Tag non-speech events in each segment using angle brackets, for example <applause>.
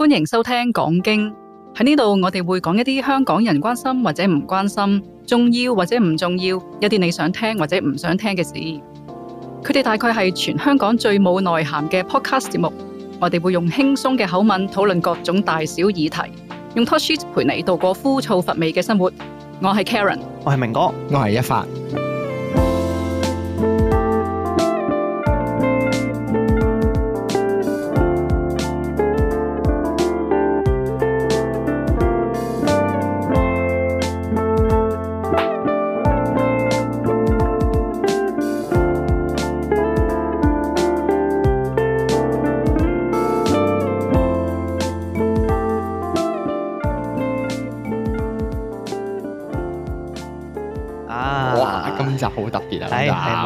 歡迎收聽講經喺呢度，我哋會講一啲香港人關心或者唔關心，重要或者唔重要，有啲你想聽或者唔想聽嘅事。佢哋大概係全香港最冇內涵嘅 podcast 節目。我哋會用輕鬆嘅口吻討論各種大小議題，用 Talk Shit 陪你度過枯燥乏味嘅生活。我係 Karen，我係明哥，我係一發。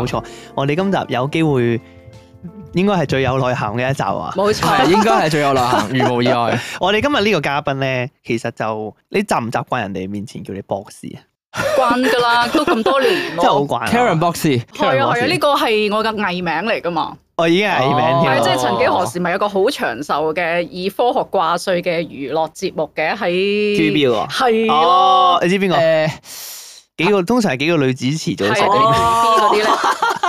冇錯，我哋今集有機會應該係最有內涵嘅一集啊！冇錯，應該係最有內涵，如無意外。我哋今日呢個嘉賓咧，其實就你習唔習慣人哋面前叫你博士啊？慣噶啦，都咁多年，真係好慣。Karen 博士，係啊係啊，呢個係我嘅藝名嚟噶嘛。我已經係藝名添，係即係曾幾何時，咪有個好長壽嘅以科學掛帥嘅娛樂節目嘅喺 TVB 啊，係哦，你知邊個？幾個通常係幾個女主持做食嗰啲，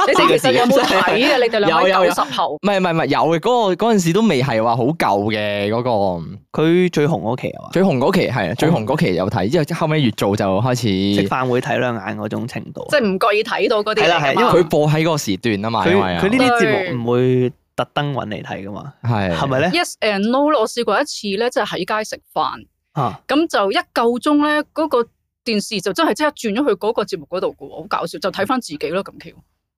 你哋其實有冇睇啊？你哋兩位十後，唔係唔係唔係有嘅。嗰個嗰陣時都未係話好舊嘅嗰個。佢最紅嗰期啊！最紅嗰期係，最紅嗰期有睇。之後後尾越做就開始食飯會睇兩眼嗰種程度，即係唔覺意睇到嗰啲。係啦，係因為佢播喺個時段啊嘛，佢呢啲節目唔會特登揾嚟睇噶嘛。係係咪咧？Yes and no，我試過一次咧，即係喺街食飯咁就一夠鐘咧嗰個。電視就真係即刻轉咗去嗰個節目嗰度噶，好搞笑，就睇翻自己咯。咁巧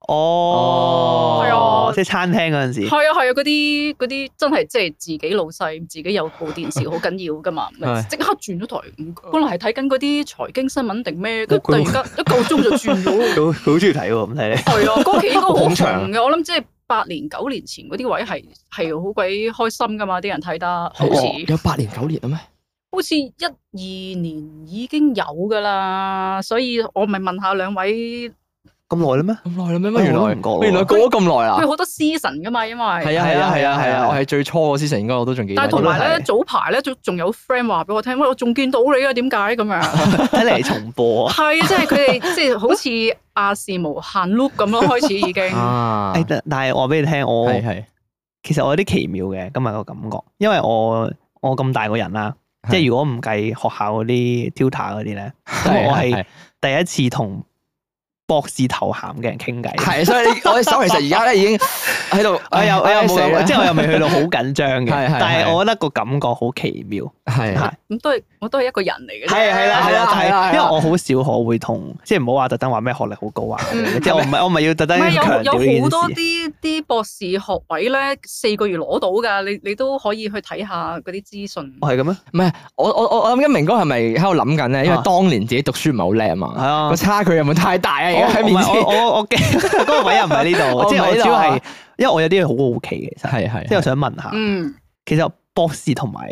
哦，係啊，即係餐廳嗰陣時，係啊係啊，嗰啲啲真係即係自己老細，自己有部電視好緊要噶嘛，即刻轉咗台。本來係睇緊嗰啲財經新聞定咩，跟住突然間一夠鐘就轉到。好中意睇喎，咁睇咧。係啊，嗰期應該好長嘅，我諗即係八年九年前嗰啲位係係好鬼開心噶嘛，啲人睇得好似。哦，有八年九年啊咩？好似一二年已經有噶啦，所以我咪問下兩位咁耐啦咩？咁耐啦咩？咩？我原，來過原來過咗咁耐啊！佢好多 season 噶嘛，因為係啊係啊係啊係啊，啊啊啊啊啊我係最初個 season，應該我都仲記得。但係同埋咧，早排咧，仲仲有 friend 話俾我聽，我仲見到你啊，點解咁樣睇嚟重播 <laughs> 啊？係、就、啊、是，即係佢哋即係好似亞視無限 look 咁咯，開始已經。 <laughs> 啊、但係話俾你聽，我係其實我有啲奇妙嘅今日個感覺，因為我我咁大個人啦。即係如果唔計學校嗰啲 tutor 嗰啲咧，的是我係第一次同博士頭銜嘅人傾偈，係所以我手其實而家咧已經喺度，我又我又即係我又未去到好緊張嘅。但係我覺得個感覺好奇妙，係咁都係，我都係一個人嚟嘅。係係啦係啦，因為我好少可會同，即係唔好話特登話咩學歷好高啊。即係我唔係我唔係要特登強調。有有好多啲啲博士學位咧，四個月攞到噶，你你都可以去睇下嗰啲資訊。係咁咩？唔係我我我我諗緊明哥係咪喺度諗緊咧？因為當年自己讀書唔係好叻啊嘛。係啊。個差距有冇太大啊？唔係我面前 <laughs> 我我嘅嗰個位又唔喺呢度， <laughs> 即係我主要係，因為我有啲嘢好好奇嘅，其實係係，即係我想問下，嗯，其實博士同埋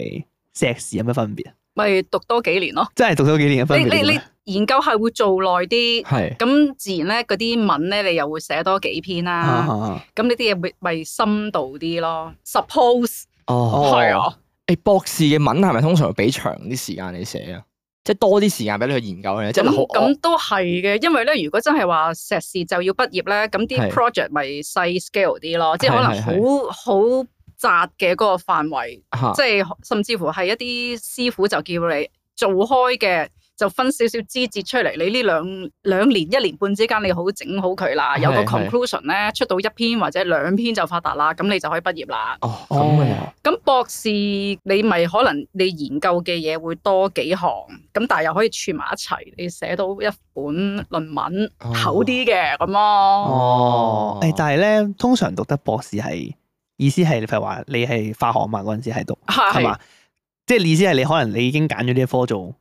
碩士有咩分別啊？咪讀多幾年咯，即係讀多幾年嘅分別。你你研究係會做耐啲，係咁是自然咧，嗰啲文咧你又會寫多幾篇啦、啊。咁呢啲嘢咪咪深度啲咯。Suppose 哦係啊，誒、欸，博士嘅文係咪通常要俾長啲時間你寫啊？即係多啲時間俾你去研究嘅，即係咁咁都係嘅，因為咧，如果真係話碩士就要畢業咧，咁啲 project 咪細 scale 啲咯，是即係可能好好窄嘅嗰個範圍，的即係甚至乎係一啲師傅就叫你做開嘅。就分少少枝節出嚟，你呢兩兩年一年半之間，你好整好佢啦，合格有個 conclusion 咧，出到一篇或者兩篇就發達啦，咁合格你就可以畢業啦。哦，咁啊。咁博士你咪可能你研究嘅嘢會多幾行，咁但係又可以串埋一齊，你寫到一本論文厚啲嘅咁咯。哦，誒但係咧，通常讀得博士係意思係，你譬如話你係化學嘛，嗰陣時喺讀係嘛，即係意思係你可能你已經揀咗呢一科做。寥 shaking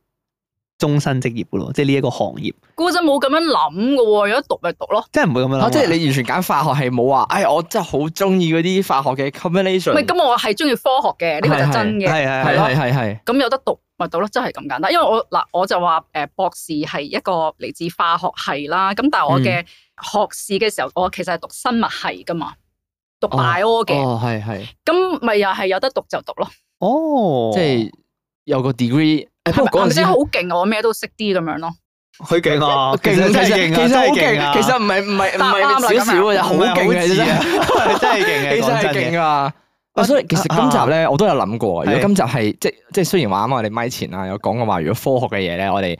終身職業嘅咯，即係呢一個行業。嗰陣冇咁樣諗嘅，有得讀咪讀咯。即係唔會咁樣諗咯，即係你完全揀化學系冇話，哎，我真係好中意嗰啲化學嘅 combination。唔係，咁我係中意科學嘅，呢個就真嘅。係係係係係。咁有得讀咪讀咯，真係咁簡單。因為我嗱，我就話誒，博士係一個嚟自化學系啦。咁但係我嘅學士嘅時候，我其實係讀生物系噶嘛，讀 bio 嘅。哦，係係。咁咪又係有得讀就讀咯。哦，即係有個 degree。或者好勁啊，我咩都識啲咁樣咯。佢勁啊，勁真係勁啊，其實好勁啊。其實唔係唔係唔係啱少少啊，好勁啊，真係勁啊，真係勁啊。所以其實今集咧，我都有諗過，如果今集係即即雖然話啱我哋咪前啊，有講嘅話，如果科學嘅嘢咧，我哋。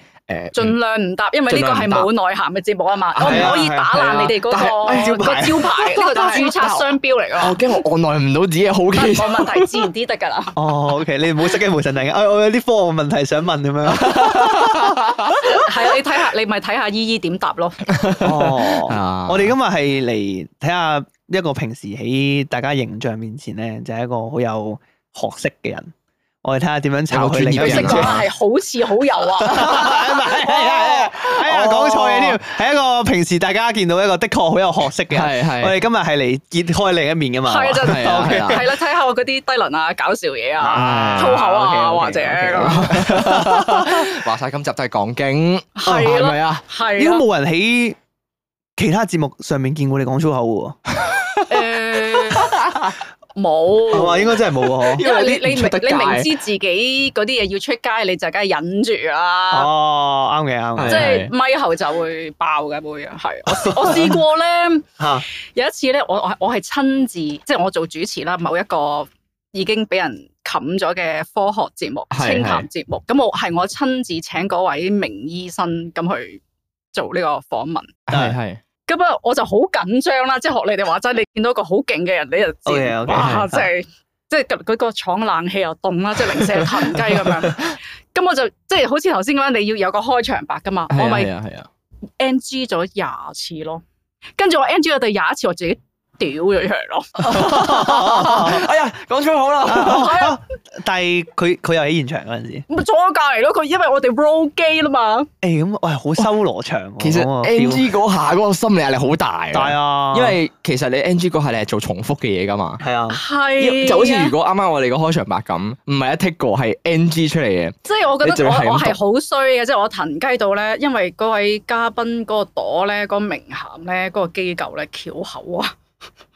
盡量唔答，因為呢個係冇內涵嘅節目啊嘛，啊我唔可以打爛你哋嗰個招牌，呢個都注冊商標嚟噶。我驚我按耐唔到自己好奇。冇問題，自然啲得噶啦。 <laughs> 哦，OK，你唔好失驚無神定、哎，我有啲科學問題想問咁樣。係 <laughs> <laughs> 啊，你睇下，你咪睇下姨姨點答咯。哦，uh, 我哋今日係嚟睇下一個平時喺大家形象面前咧，就係、是、一個好有學識嘅人。我哋睇下點樣炒佢另一面。識話係好似好友啊，係啊係啊講錯嘢添，係一個平時大家見到一個的確好有學識嘅。係係，我哋今日係嚟揭開另一面嘅嘛。係真係 OK 啊。係啦，睇下嗰啲低能啊，搞笑嘢啊，粗口啊，或者。話晒今集就係講經，係咪啊？係。如果冇人喺其他節目上面見過你講粗口喎。冇，係嘛沒？ <laughs> 應該真係冇喎， <laughs> 因為你 <laughs> 你明你明知自己嗰啲嘢要出街，你就梗係忍住啦，啊。哦，啱嘅啱。即係咪後就會爆嘅妹啊，係我試過咧， <laughs> 有一次咧，我我我係親自，即係我做主持啦。某一個已經俾人冚咗嘅科學節目、清談節目，咁我係我親自請嗰位名醫生咁去做呢個訪問。係係的。的咁啊、嗯，我就好緊張啦，即係學你哋話齋，你見到一個好勁嘅人，你就知 okay, okay, 哇，是 <laughs> 即係、啊、 <laughs> 即係佢佢個廠冷氣又凍啦，即係零舍騰雞咁樣。咁我就即係好似頭先咁樣，你要有個開場白噶嘛， <laughs> 我咪 NG 咗廿次咯，跟住我 NG 咗第廿一次我自己。咗出嚟咯！哎呀，講粗口啦！但係佢佢又喺現場嗰陣時，咪 <laughs> 坐隔離咯。佢因為我哋 roll 機啦嘛。誒咁、哎，喂、嗯，好、哎、修羅場、啊。其實 NG 嗰下嗰個心理壓力好大。大啊！因為其實你 NG 嗰下你係做重複嘅嘢㗎嘛。係啊。係。就好似如果啱啱我哋個開場白咁，唔係一 take 過，係 NG 出嚟嘅。即係我覺得我我係好衰嘅，即、就、係、是、我騰雞到咧，因為嗰位嘉賓嗰個朵咧、嗰、那個、名銜咧、嗰、那個機構咧，拗口啊！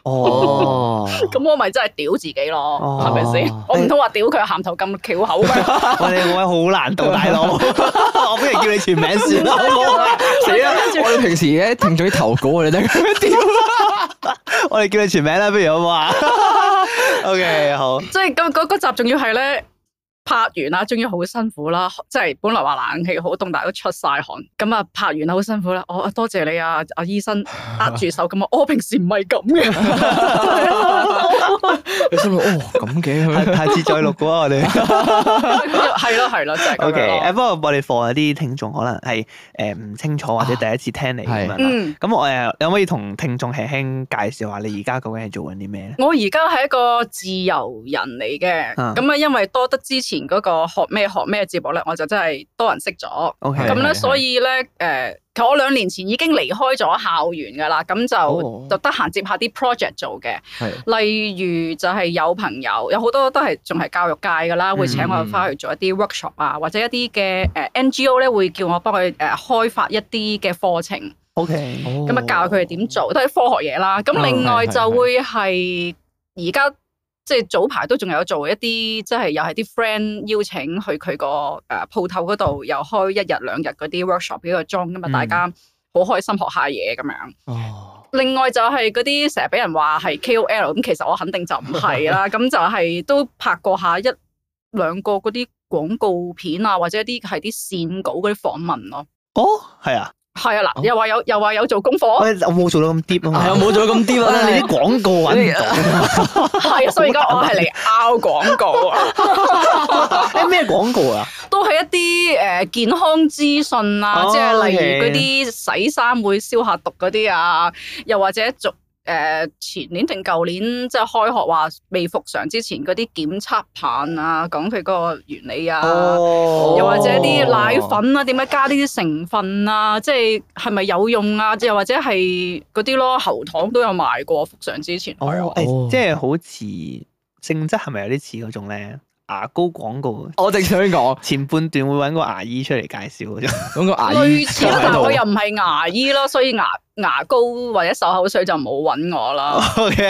哦，咁我咪真係屌自己咯，係咪先？我唔通話屌佢鹹頭咁翹口咩？我哋位好難度大佬，我不如叫你全名先啦，好唔好啊？死啦！我哋平時咧停咗啲投稿啊，你聽。我哋叫你全名啦，不如好唔好啊？OK，好。即係咁嗰集仲要係咧。拍完啦，終於好辛苦啦，即係本來話冷氣好凍，但係都出晒汗。咁啊，拍完啦，好辛苦啦。我、哦、多謝你啊，阿醫生握住手咁啊、哦哦。我平時唔係咁嘅，你心諗哦咁嘅，太字再錄過我哋。係咯係咯，就係咁咯。不過、okay，我哋放啲聽眾可能係誒唔清楚或者第一次聽你咁 <laughs> 的我誒有冇可以同聽眾輕輕，輕介紹下你而家究竟係做緊啲咩咧？我而家係一個自由人嚟嘅，咁啊因為多得之前。嗰個學咩學咩節目咧，我就真係多人識咗。咁咧，所以咧，誒，是其實我兩年前已經離開咗校園噶啦，咁就、oh. 就得閒接一下啲 project 做嘅。是例如就係有朋友，有好多都係仲係教育界噶啦，會請我翻去做一啲 workshop 啊，mm. 或者一啲嘅誒 NGO 咧，會叫我幫佢誒開發一啲嘅課程。OK，咁、oh. 啊教佢哋點做都係科學嘢啦。咁另外就會係而家。即係早排都仲有做一啲，即係又係啲 friend 邀請去佢個誒鋪頭嗰度，又開一日兩日嗰啲 workshop 幾個鐘咁嘛，大家好開心學下嘢咁樣。嗯、另外就係嗰啲成日俾人話係 KOL，咁其實我肯定就唔係啦。咁 <laughs> 就係都拍過一下一兩個嗰啲廣告片啊，或者一啲係啲線稿嗰啲訪問咯、啊。哦，係啊。係啊，嗱，又話有，哦、又話有做功課。我冇做到咁 deep 啊嘛，係啊，冇、啊、做到咁 deep 啊，你啲廣告啊，唔到。係啊，所以而家我係嚟拗廣告啊。咩咩廣告啊？都係一啲誒健康資訊啊，哦、即係例如嗰啲洗衫會消下毒嗰啲啊，又或者做。誒前年定舊年，即係開學話未復常之前嗰啲檢測棒啊，講佢嗰個原理啊，哦、又或者啲奶粉啊，點解加呢啲成分啊，即係係咪有用啊？又或者係嗰啲咯，喉糖都有賣過復常之前，誒、哦哦、即係好似性質係咪有啲似嗰種咧？牙膏廣告，我正想講前半段會搵個牙醫出嚟介紹，咁個牙醫類似，但我又唔係牙醫咯，所以牙牙膏或者漱口水就冇搵我啦。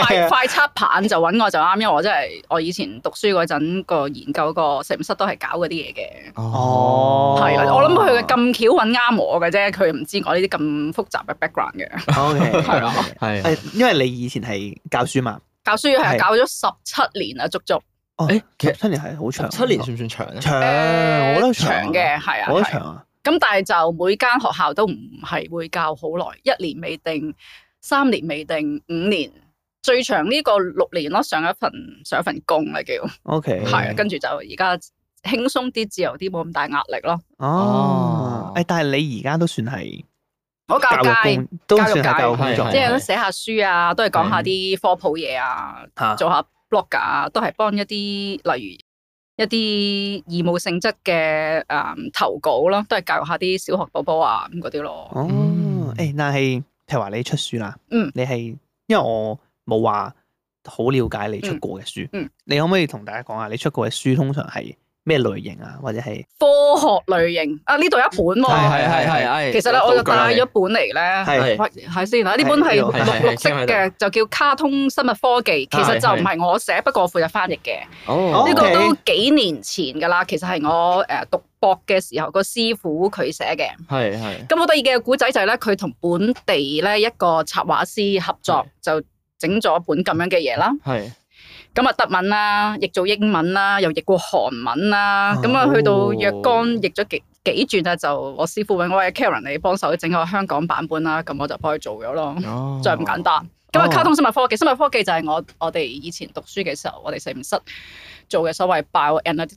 快快測棒就搵我就啱，因為我真係我以前讀書嗰陣個研究個實驗室都係搞嗰啲嘢嘅。哦，係啊，我諗佢嘅咁巧搵啱我嘅啫，佢唔知我呢啲咁複雜嘅 background 嘅。OK，係啊，係。誒，因為你以前係教書嘛，教書係教咗十七年啊，足足。誒，其實七年係好長，七年算唔算長咧？長，好 l o 長嘅係啊，好長啊。咁但係就每間學校都唔係會教好耐，一年未定，三年未定，五年最長呢個六年咯。上一份上一份工啦叫。O K，係啊，跟住就而家輕鬆啲、自由啲，冇咁大壓力咯。哦，誒，但係你而家都算係，我教界，教育即係寫下書啊，都係講下啲科普嘢啊，做下。Log 啊，都係幫一啲，例如一啲義務性質嘅誒、嗯、投稿咯，都係教育下啲小學寶寶啊咁嗰啲咯。哦，誒、欸，但係譬如話你出書啦，嗯，你係因為我冇話好了解你出過嘅書嗯，嗯，你可唔可以同大家講下你出過嘅書通常係？咩類型啊？或者係科學類型啊？呢度一本喎。係係係係。其實咧，我就帶咗本嚟咧。係。係先啦，呢本係綠綠色嘅，就叫《卡通生物科技》。其實就唔係我寫，不過我負責翻譯嘅。哦。呢個都幾年前㗎啦，其實係我誒讀博嘅時候個師傅佢寫嘅。係係。咁好得意嘅古仔就係咧，佢同本地咧一個插畫師合作，就整咗本咁樣嘅嘢啦。係。咁啊，德文啦，譯做英文啦，又譯過韓文啦，咁啊，去到若干譯咗幾幾轉啊，就我師傅永我阿 Karen 嚟幫手整個香港版本啦，咁我就幫佢做咗咯，就係咁簡單。咁啊，卡通生物科技，生物科技就係我我哋以前讀書嘅時候，我哋實驗室做嘅所謂 bio ana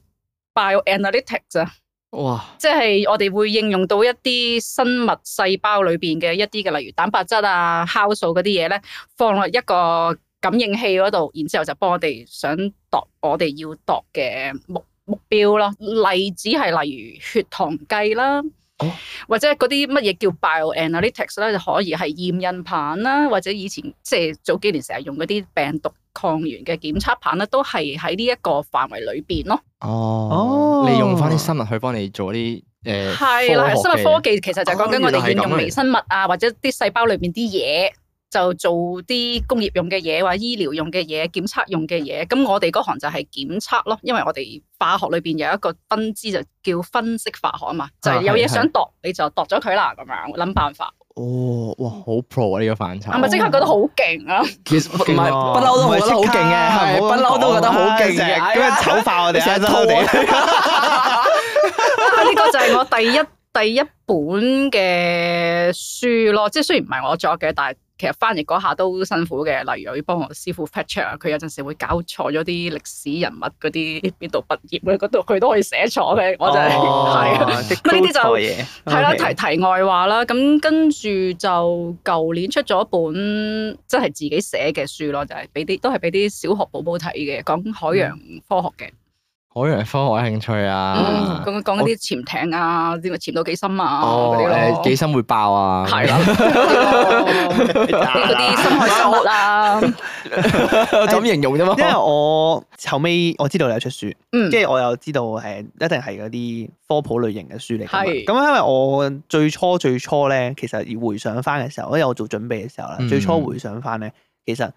bio analytics 啊，哇，即係我哋會應用到一啲生物細胞裏邊嘅一啲嘅，例如蛋白質啊、酵素嗰啲嘢咧，放落一個。感應器嗰度，然之後就幫我哋想度我哋要度嘅目目標咯。例子係例如血糖計啦，哦、或者嗰啲乜嘢叫 bioanalytics 啦，就可以係驗孕棒啦，或者以前即係早幾年成日用嗰啲病毒抗原嘅檢測棒咧，都係喺呢一個範圍裏邊咯。哦，利用翻啲生物去幫你做啲誒，係、呃、啦，的生物科技其實就講緊我哋應用微生物啊，或者啲細胞裏邊啲嘢。就做啲工業用嘅嘢，或醫療用嘅嘢、檢測用嘅嘢。咁我哋嗰行就係檢測咯，因為我哋化學裏邊有一個分支就叫分析化學啊嘛，就係有嘢想度你就度咗佢啦咁樣，諗辦法。哦，哇，好 pro 啊呢個反差。係咪即刻覺得好勁啊！其實唔係，不嬲都覺得好勁嘅，不嬲都覺得好勁嘅。咁醜化我哋啊，真係！呢個就係我第一第一本嘅書咯，即係雖然唔係我作嘅，但係。其實翻譯嗰下都辛苦嘅，例如要幫我師傅 patch 啊，佢有陣時會搞錯咗啲歷史人物嗰啲邊度畢業咧，度佢都可以寫錯嘅，我真係係啊，呢啲就係、哦、 <laughs> 啦，題題外話啦。咁 Okay. 跟住就舊年出咗一本，即係自己寫嘅書咯，就係俾啲都係俾啲小學寶寶睇嘅，講海洋科學嘅。嗯海洋科學興趣啊，咁講啲潛艇啊，啲咪潛到幾深啊，嗰幾深會爆啊，係啦，嗰啲深海生物啦，咁形容啫嘛。因為我後尾我知道你有出書，即係我又知道，誒，一定係嗰啲科普類型嘅書嚟。係，咁因為我最初最初咧，其實回想翻嘅時候，因為我做準備嘅時候啦，最初回想翻咧，其實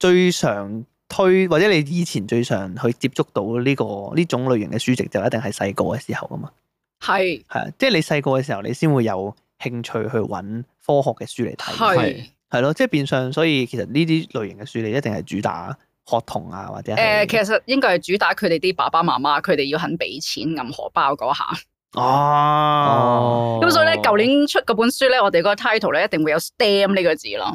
最常。推或者你以前最常去接觸到呢、這個呢種類型嘅書籍，就一定係細個嘅時候啊嘛，係係啊，即係你細個嘅時候你先會有興趣去揾科學嘅書嚟睇。係係咯，即係變相，所以其實呢啲類型嘅書你一定係主打學童啊，或者誒、呃，其實應該係主打佢哋啲爸爸媽媽，佢哋要肯俾錢揞荷包嗰下。哦，咁 <laughs> 所以咧，舊年出嗰本書咧，我哋個 title 咧一定會有 STEM 呢個字咯。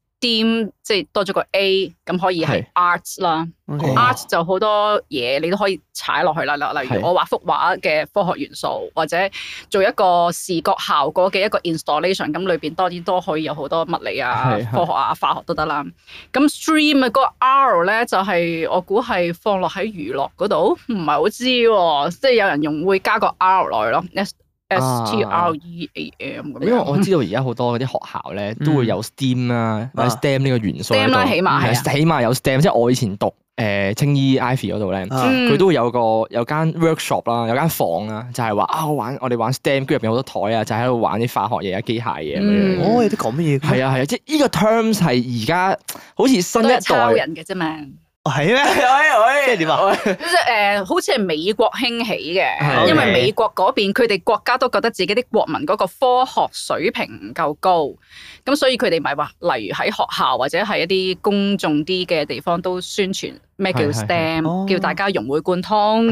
Steam 即係多咗個 A，咁可以係 art 啦 art 就好多嘢，你都可以踩落去啦啦。例如我畫幅畫嘅科學元素，是或者做一個視覺效果嘅一個 installation，咁裏邊當然都可以有好多物理啊、科學啊、化學都得啦。咁 stream 啊，嗰個 R 咧就係、是、我估係放落喺娛樂嗰度，唔係好知喎，即係有人用會加個 R 來咯。S T R、e、A M，、啊、因為我知道而家好多嗰啲學校咧都會有 STEM 啦、啊，嗯、或者 STEM 呢個元素。s,、啊、 起碼 S、嗯、 起碼有 STEM，即係我以前讀誒、呃、青衣 Ivy 嗰度咧，佢、啊、都會有個有間 workshop 啦，有，間, shop, 有間房、就是、啊，就係話啊玩我哋玩 STEM，跟住入邊好多台啊，就喺、是、度玩啲化學嘢啊、機械嘢、嗯、樣哦，你講乜嘢？係啊係啊，即係呢個 terms 係而家好似新一代人嘅啫嘛。係咩？ <laughs> 即係點啊？即係誒，好似係美國興起嘅，uh, okay. 因為美國嗰邊佢哋國家都覺得自己啲國民嗰個科學水平唔夠高，咁所以佢哋咪話，例如喺學校或者係一啲公眾啲嘅地方都宣傳。咩叫 STEM？叫大家融會貫通，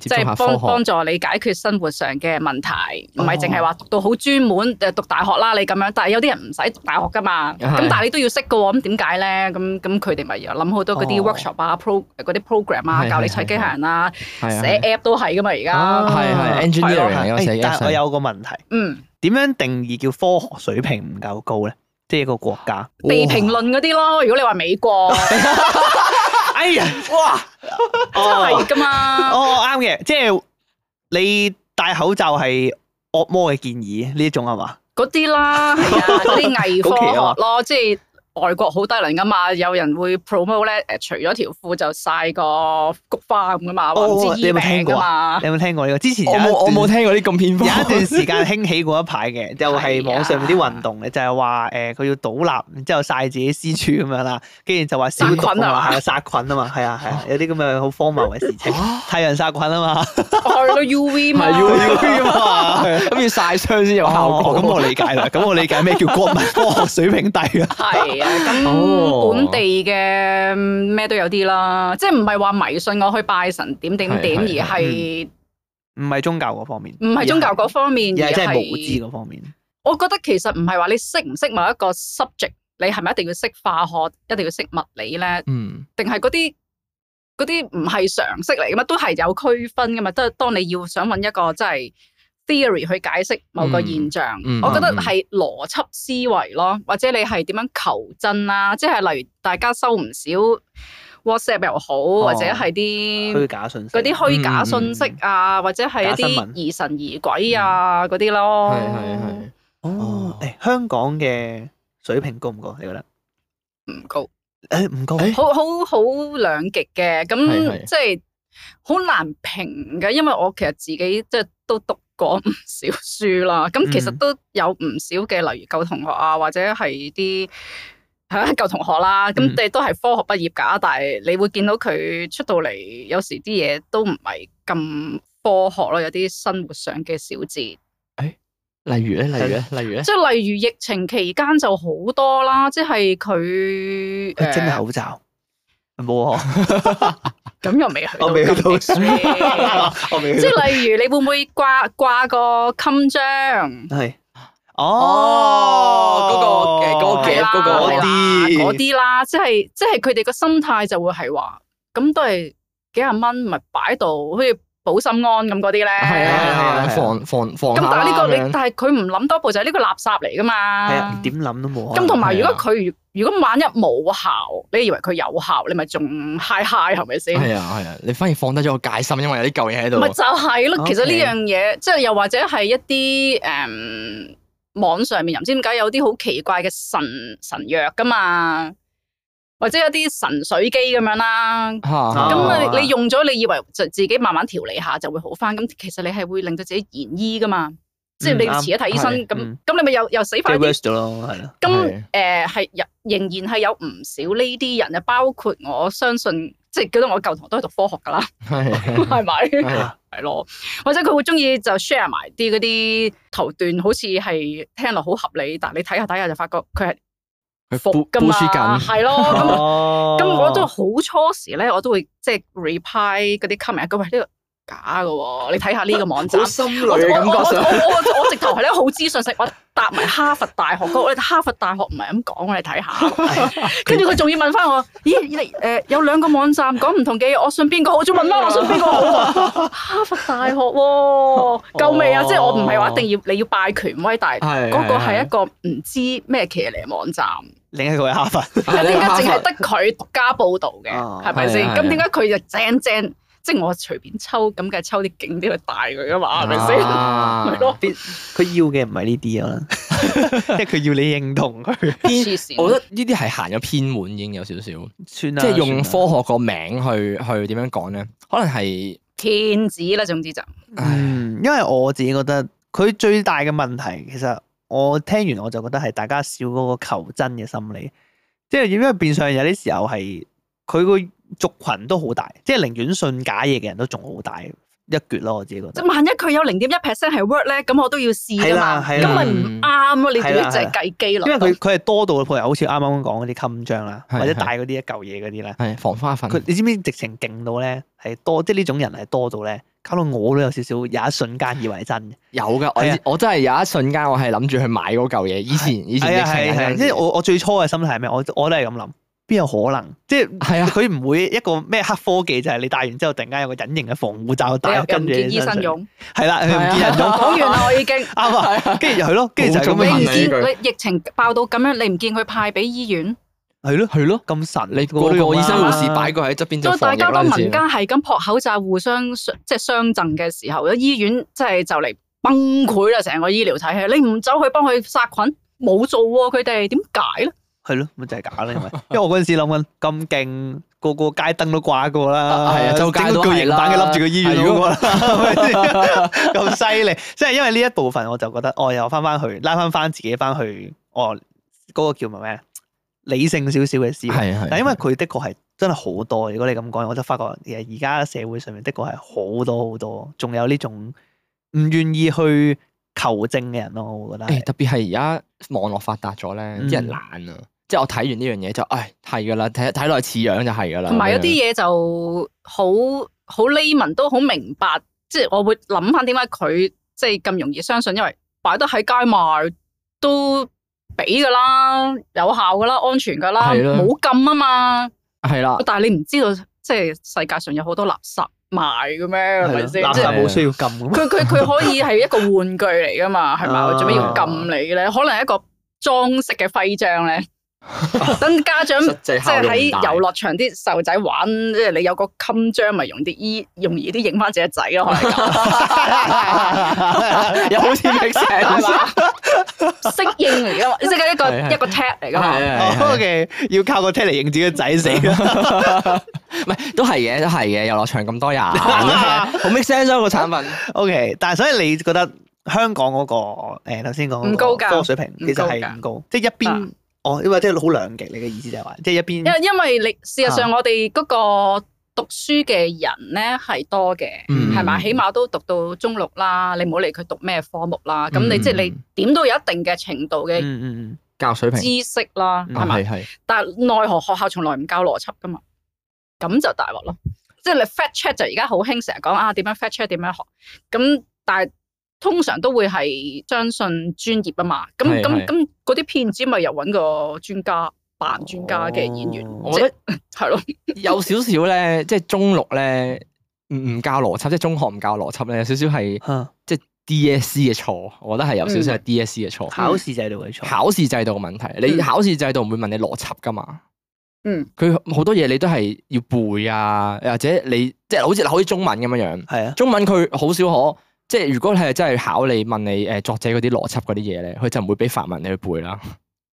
即係幫幫助你解決生活上嘅問題，唔係淨係話讀到好專門，誒讀大學啦。你咁樣，但係有啲人唔使讀大學噶嘛。咁但係你都要識噶喎。咁點解咧？咁咁佢哋咪又諗好多嗰啲 workshop 啊、pro 嗰啲 program 啊，教你砌機械人啊，寫 app 都係噶嘛。而家係係 engineering 啊，寫 app。但係我有個問題，嗯，點樣定義叫科學水平唔夠高咧？即係一個國家被評論嗰啲咯。如果你話美國。哎呀！哇，真係噶嘛？哦，啱嘅，即係你戴口罩係惡魔嘅建議呢種係嘛？嗰啲 <laughs> 啦，係啊，啲偽科咯、 <laughs> 啊哦，即係。外國好低能噶嘛，有人會 promote 咧誒，除咗條褲就曬個菊花咁噶嘛，或者衣領噶嘛。你有冇聽過啊？你有冇聽過呢個？之前我冇，我冇聽過啲咁偏方。有一段時間興起過一排嘅，就係網上面啲運動咧，就係話誒佢要倒立，然之後曬自己私處咁樣啦。跟住就話殺菌啊嘛，殺菌啊嘛，係啊係啊，有啲咁樣好荒謬嘅事情。太陽殺菌啊嘛，係 U V 嘛，U V 嘛，咁要曬傷先有效果。咁我理解啦，咁我理解咩叫國民科學水平低啊。係。咁、嗯、本地嘅咩都有啲啦，即係唔係話迷信我去拜神點點點，而係唔係宗教嗰方面，唔係宗教嗰方面，而係係無知嗰方面。我覺得其實唔係話你識唔識某一個 subject，你係咪一定要識化學，一定要識物理咧？嗯，定係嗰啲嗰啲唔係常識嚟噶嘛，都係有區分噶嘛。都係當你要想揾一個即係。真 Theory 去解釋某個現象，我覺得係邏輯思維咯，或者你係點樣求真啊？即係例如大家收唔少 WhatsApp 又好，或者係啲虛假信息、啲虛假信息啊，或者係一啲疑神疑鬼啊嗰啲咯。係係係哦！誒，香港嘅水平高唔高？你覺得唔高？誒唔高？好好好兩極嘅，咁即係好難評㗎，因為我其實自己即係都讀。講唔少書啦，咁其實都有唔少嘅，例如舊同學啊，或者係啲吓舊同學啦，咁你都係科學畢業㗎，但係你會見到佢出到嚟，有時啲嘢都唔係咁科學咯，有啲生活上嘅小節。誒、哎，例如咧，例如咧，例如咧，即係例如疫情期間就好多啦，即係佢真係口罩。冇，咁沒、啊、 <laughs> 又未去。我未去讀書。即係例如，你會唔會掛掛個襟章？係， <laughs> 哦，嗰、哦嗰個嘅嗰嘅嗰啲啲啦，即係即係佢哋個心態就會係話，咁都係幾十蚊，咪擺度好似。保心安咁嗰啲咧，係啊係啊放、啊。防防。咁但係呢個你，但係佢唔諗多步就係、是、呢個垃圾嚟噶嘛。係啊，點諗都冇。咁同埋如果佢、啊、如果萬一冇效，啊、你以為佢有效，你咪仲嗨嗨，g 係咪先？係啊係啊，你反而放低咗個戒心，因為有啲舊嘢喺度。咪就係咯，Okay. 其實呢樣嘢即係又或者係一啲誒、嗯、網上面，唔知點解有啲好奇怪嘅神神藥噶嘛。或者一啲神水機咁樣啦，咁 <noise> 啊你用咗，你以為就自己慢慢調理下就會好翻？咁其實你係會令到自己延誤噶嘛，即係你遲一睇醫生，咁咁、嗯嗯、你咪又又死快啲咯，係咁誒係，仍然係有唔少呢啲人啊，包括我相信，即係記得我舊同學都係讀科學噶啦，係 <laughs> 咪誒？係咯，或者佢會中意就 share 埋啲嗰啲頭段，好似係聽落好合理，但係你睇下睇下就發覺佢係。去覆噶嘛，係咯， <laughs> 咁咁我都好初時咧，我都會即係 reply 嗰啲 comment，咁咪呢個。假嘅，你睇下呢個網站，我我我我我直頭係咧好資訊性，我搭埋哈佛大學，我哋哈佛大學唔係咁講，我哋睇下。跟住佢仲要問翻我，咦？誒，有兩個網站講唔同嘅嘢，我信邊個？我仲問翻我信邊個？哈佛大學喎，救命啊！即係我唔係話一定要你要拜權威，但係嗰個係一個唔知咩騎呢網站，另一個係哈佛。咁點解淨係得佢獨家報道嘅？係咪先？咁點解佢就正正？即係我隨便抽，咁梗係抽啲勁啲去帶佢噶嘛，係咪先？佢 <laughs> 要嘅唔係呢啲啊，即係佢要你認同佢。 <laughs> 便我覺得呢啲係行咗偏門，已經有少少，算了即係用科學個名去，去點樣講咧？可能係騙子啦，總之就嗯、是，唉因為我自己覺得佢最大嘅問題，其實我聽完我就覺得係大家少嗰個求真嘅心理，即係因為變相有啲時候係佢個。族群都好大，即係寧願信假嘢嘅人都仲好大一橛咯。我自己覺得。即係萬一佢有零點一 percent 係 work 咧，咁我都要試㗎嘛。咁咪唔啱咯？你唔係淨係計機率。因為佢佢係多到，譬如好似啱啱講嗰啲襟章啦，或者戴嗰啲一嚿嘢嗰啲咧，防花粉。佢你知唔知直情勁到咧係多？即係呢種人係多到咧，搞到我都有少少有一瞬間以為真。有㗎，我我真係有一瞬間，我係諗住去買嗰嚿嘢。以前以前，係係即係我我最初嘅心態係咩？我我都係咁諗。邊有可能？即係佢唔會一個咩黑科技就係你戴完之後突然間有個隱形嘅防護罩戴喺跟住身上。唔見醫生用？係啦，唔見人用。講完啦，我已經啱啊。跟住就係咯，跟住就係咁樣。你唔見你疫情爆到咁樣，你唔見佢派俾醫院？係咯，係咯，咁神你個個醫生護士擺個喺側邊就。當大家當民間係咁撲口罩互相即係相贈嘅時候，咁醫院即係就嚟崩潰啦！成個醫療體系，你唔走去幫佢殺菌，冇做佢哋點解咧？係咯，咪就係假啦，因為因為我嗰陣時諗緊咁勁，個個街燈都掛一個啦，係啊，周街都巨型版嘅笠住個醫院如果啦，咁犀利，即係因為呢一部分我就覺得，哦，又翻翻去拉翻翻自己翻去，哦，嗰個叫咪咩？理性少少嘅思係，但因為佢的確係真係好多，如果你咁講，我就發覺而家社會上面的確係好多好多，仲有呢種唔願意去求證嘅人咯，我覺得，特別係而家網絡發達咗咧，啲人懶啊。即係我睇完呢樣嘢就，唉，係噶啦，睇睇落似樣就係噶啦。同埋有啲嘢就好好 layman 都好明白，即係我會諗翻點解佢即係咁容易相信，因為擺得喺街賣都俾噶啦，有效噶啦，安全噶啦，冇是的 禁啊嘛。係啦，但係你唔知道即係世界上有好多垃圾賣嘅咩？係咪先？垃圾冇需要禁。佢佢佢可以係一個玩具嚟噶嘛？係咪？ <laughs> 做咩要禁你嘅咧？可能係一個裝飾嘅徽章咧？等家長即係喺遊樂場啲細路仔玩，即係你有個襟章，咪容易啲容易啲影翻自己仔咯，有好似 make sense？適應嚟噶，即係一個一個 tap 嚟噶。O K，要靠個 tap 嚟影自己嘅仔死。唔係都係嘅，都係嘅。遊樂場咁多人，好 make sense 咯個產品。O K，但係所以你覺得香港嗰個誒頭先講唔高噶，嗰個水平其實係唔高，即係一邊。哦，oh, 因為即係好兩極，你嘅意思就係話，即係一邊，因為因為你事實上我哋嗰個讀書嘅人咧係、啊、多嘅，係咪？嗯、起碼都讀到中六啦，你唔好理佢讀咩科目啦。咁、嗯、你即係、嗯、你點都有一定嘅程度嘅教水平、知識啦，係嘛？但係奈何學校從來唔教邏輯噶嘛，咁就大鑊咯。即、就、係、是、你 fact check 就而家好興，成日講啊點樣 fact check 點樣學，咁但係。通常都會係相信專業啊嘛，咁咁咁嗰啲騙子咪又搵個專家扮專家嘅演員，我覺得係咯，有少少咧，啊、即係中六咧唔唔教邏輯，即係中學唔教邏輯咧，有少少係，即係 D S C 嘅錯，我覺得係有少少係 D S C 嘅錯，考試制度嘅錯，考試制度嘅問題，你考試制度唔會問你邏輯噶嘛，嗯，佢好多嘢你都係要背啊，或者你即係好似好似中文咁樣樣，係啊、嗯，中文佢好少可。即係如果係真係考你問你誒作者嗰啲邏輯嗰啲嘢咧，佢就唔會畀範文你去背啦。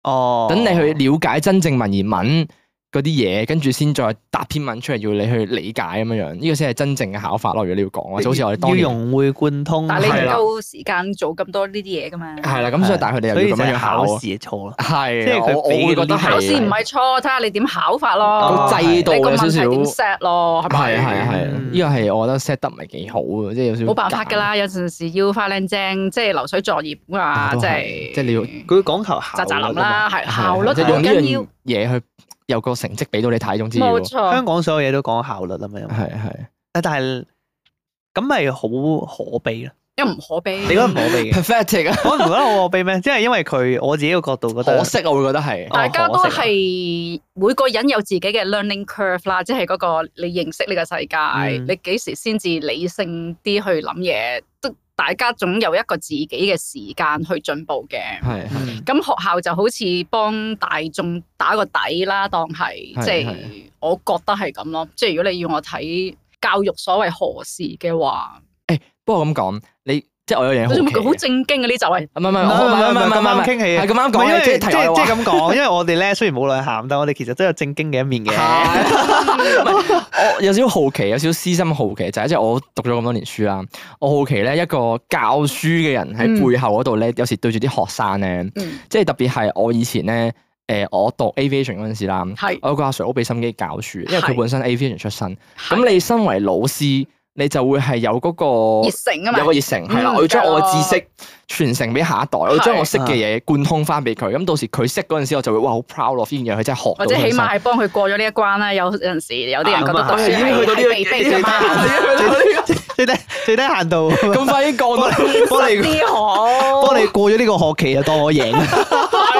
哦，等你去了解真正文言文。嗰啲嘢，跟住先再答篇文出嚟，要你去理解咁樣樣，呢個先係真正嘅考法咯。如果你要講，就好似我哋要融會貫通，但係你唔夠時間做咁多呢啲嘢噶嘛？係啦，咁所以但係佢哋又要咁樣考試錯咯，係即係我我覺得考試唔係錯，睇下你點考法咯。制度有少少 set 咯，係啊，係呢個係我覺得 set 得唔係幾好嘅，即係有少少冇辦法㗎啦。有陣時要快靚正，即係流水作業啊，即係即係你要佢講求效效率係緊要嘢去。有個成績俾到你睇，總之冇錯，香港所有嘢都講效率啦，嘛，係係是但係咁咪好可悲咯，因為唔可悲， <laughs> 你覺得唔可悲啊？ <laughs> 我唔覺得好可悲咩？ <laughs> 即係因為佢我自己個角度覺得，可惜我會覺得係大家都係每個人有自己嘅 learning curve 啦，即係嗰個你認識呢個世界，嗯、你幾時先至理性啲去諗嘢，都。大家總有一個自己嘅時間去進步嘅，咁是是 學校就好似幫大眾打個底啦，當係即係我覺得係咁咯。即係如果你要我睇教育所謂何事嘅話，誒是、 <noise> 哎、不過咁講。我有嘢，好正經嘅呢集係，唔係唔係唔係唔係唔係唔係唔係傾偈啊，係咁啱講，唔係因為即係咁講，因為我哋咧雖然冇內涵，但我哋其實都有正經嘅一面嘅。我有少少好奇，有少少私心好奇，就係即係我讀咗咁多年書啦，我好奇咧一個教書嘅人喺背後嗰度咧，有時對住啲學生咧，即係特別係我以前咧，誒我讀 aviation 嗰陣時啦，係我個阿 Sir，叔好俾心機教書，因為佢本身 aviation 出身，咁你身為老師。你就會係有嗰個熱誠啊嘛，有個熱誠係啦，我要將我嘅知識傳承俾下一代，我要將我識嘅嘢貫通翻俾佢。咁到時佢識嗰陣時，我就會哇好 proud of 呢樣嘢，佢真係學。或者起碼係幫佢過咗呢一關啦。有陣時有啲人覺得讀書去到呢個低低低低限度，咁快已經過咗，幫你啲學，幫你過咗呢個學期就當我贏。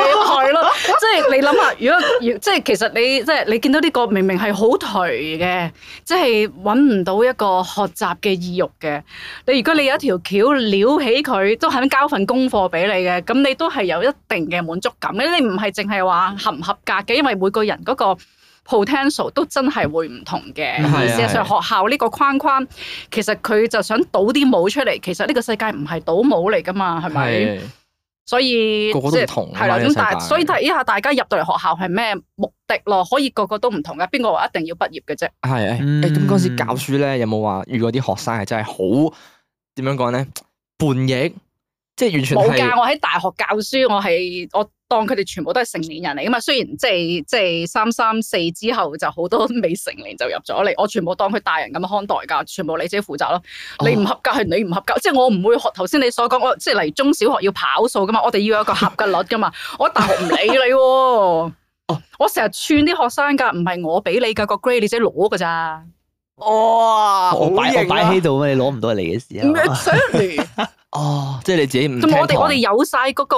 即係你諗下，如果，即係其實你，即係你見到呢個明明係好頹嘅，即係揾唔到一個學習嘅意欲嘅。你如果你有一條橋撩起佢，都肯交份功課俾你嘅，咁你都係有一定嘅滿足感。因為你唔係淨係話合唔合格嘅，因為每個人嗰個 potential 都真係會唔同嘅。事實上，學校呢個框框其實佢就想倒啲模出嚟。其實呢個世界唔係倒模嚟㗎嘛，係咪？所以個個都唔同係啦，咁的但係所以睇下大家入到嚟學校係咩目的咯？可以個個都唔同嘅，邊個話一定要畢業嘅啫的？係誒、嗯，咁嗰、欸、時教書咧，有冇話遇過啲學生係真係好點樣講咧？叛逆，即係完全冇噶。我喺大學教書，我係我。當佢哋全部都係成年人嚟噶嘛，雖然即係即係三三四之後就好多未成年就入咗嚟，我全部當佢大人咁樣看待噶，全部你自己負責咯。啊、你唔合格係你唔合格，即係我唔會學頭先你所講，我即係嚟中小學要跑數噶嘛，我哋要有一個合格率噶嘛， <laughs> 我大學唔理你、啊。哦， <laughs> 我成日串啲學生噶，唔係我俾你噶，個 grade 你自己攞噶咋。哇，oh, 我擺擺喺度咩？你攞唔到係你嘅事啊！Exactly. 哦，即係你自己唔聽講，我哋我哋有晒嗰、嗰個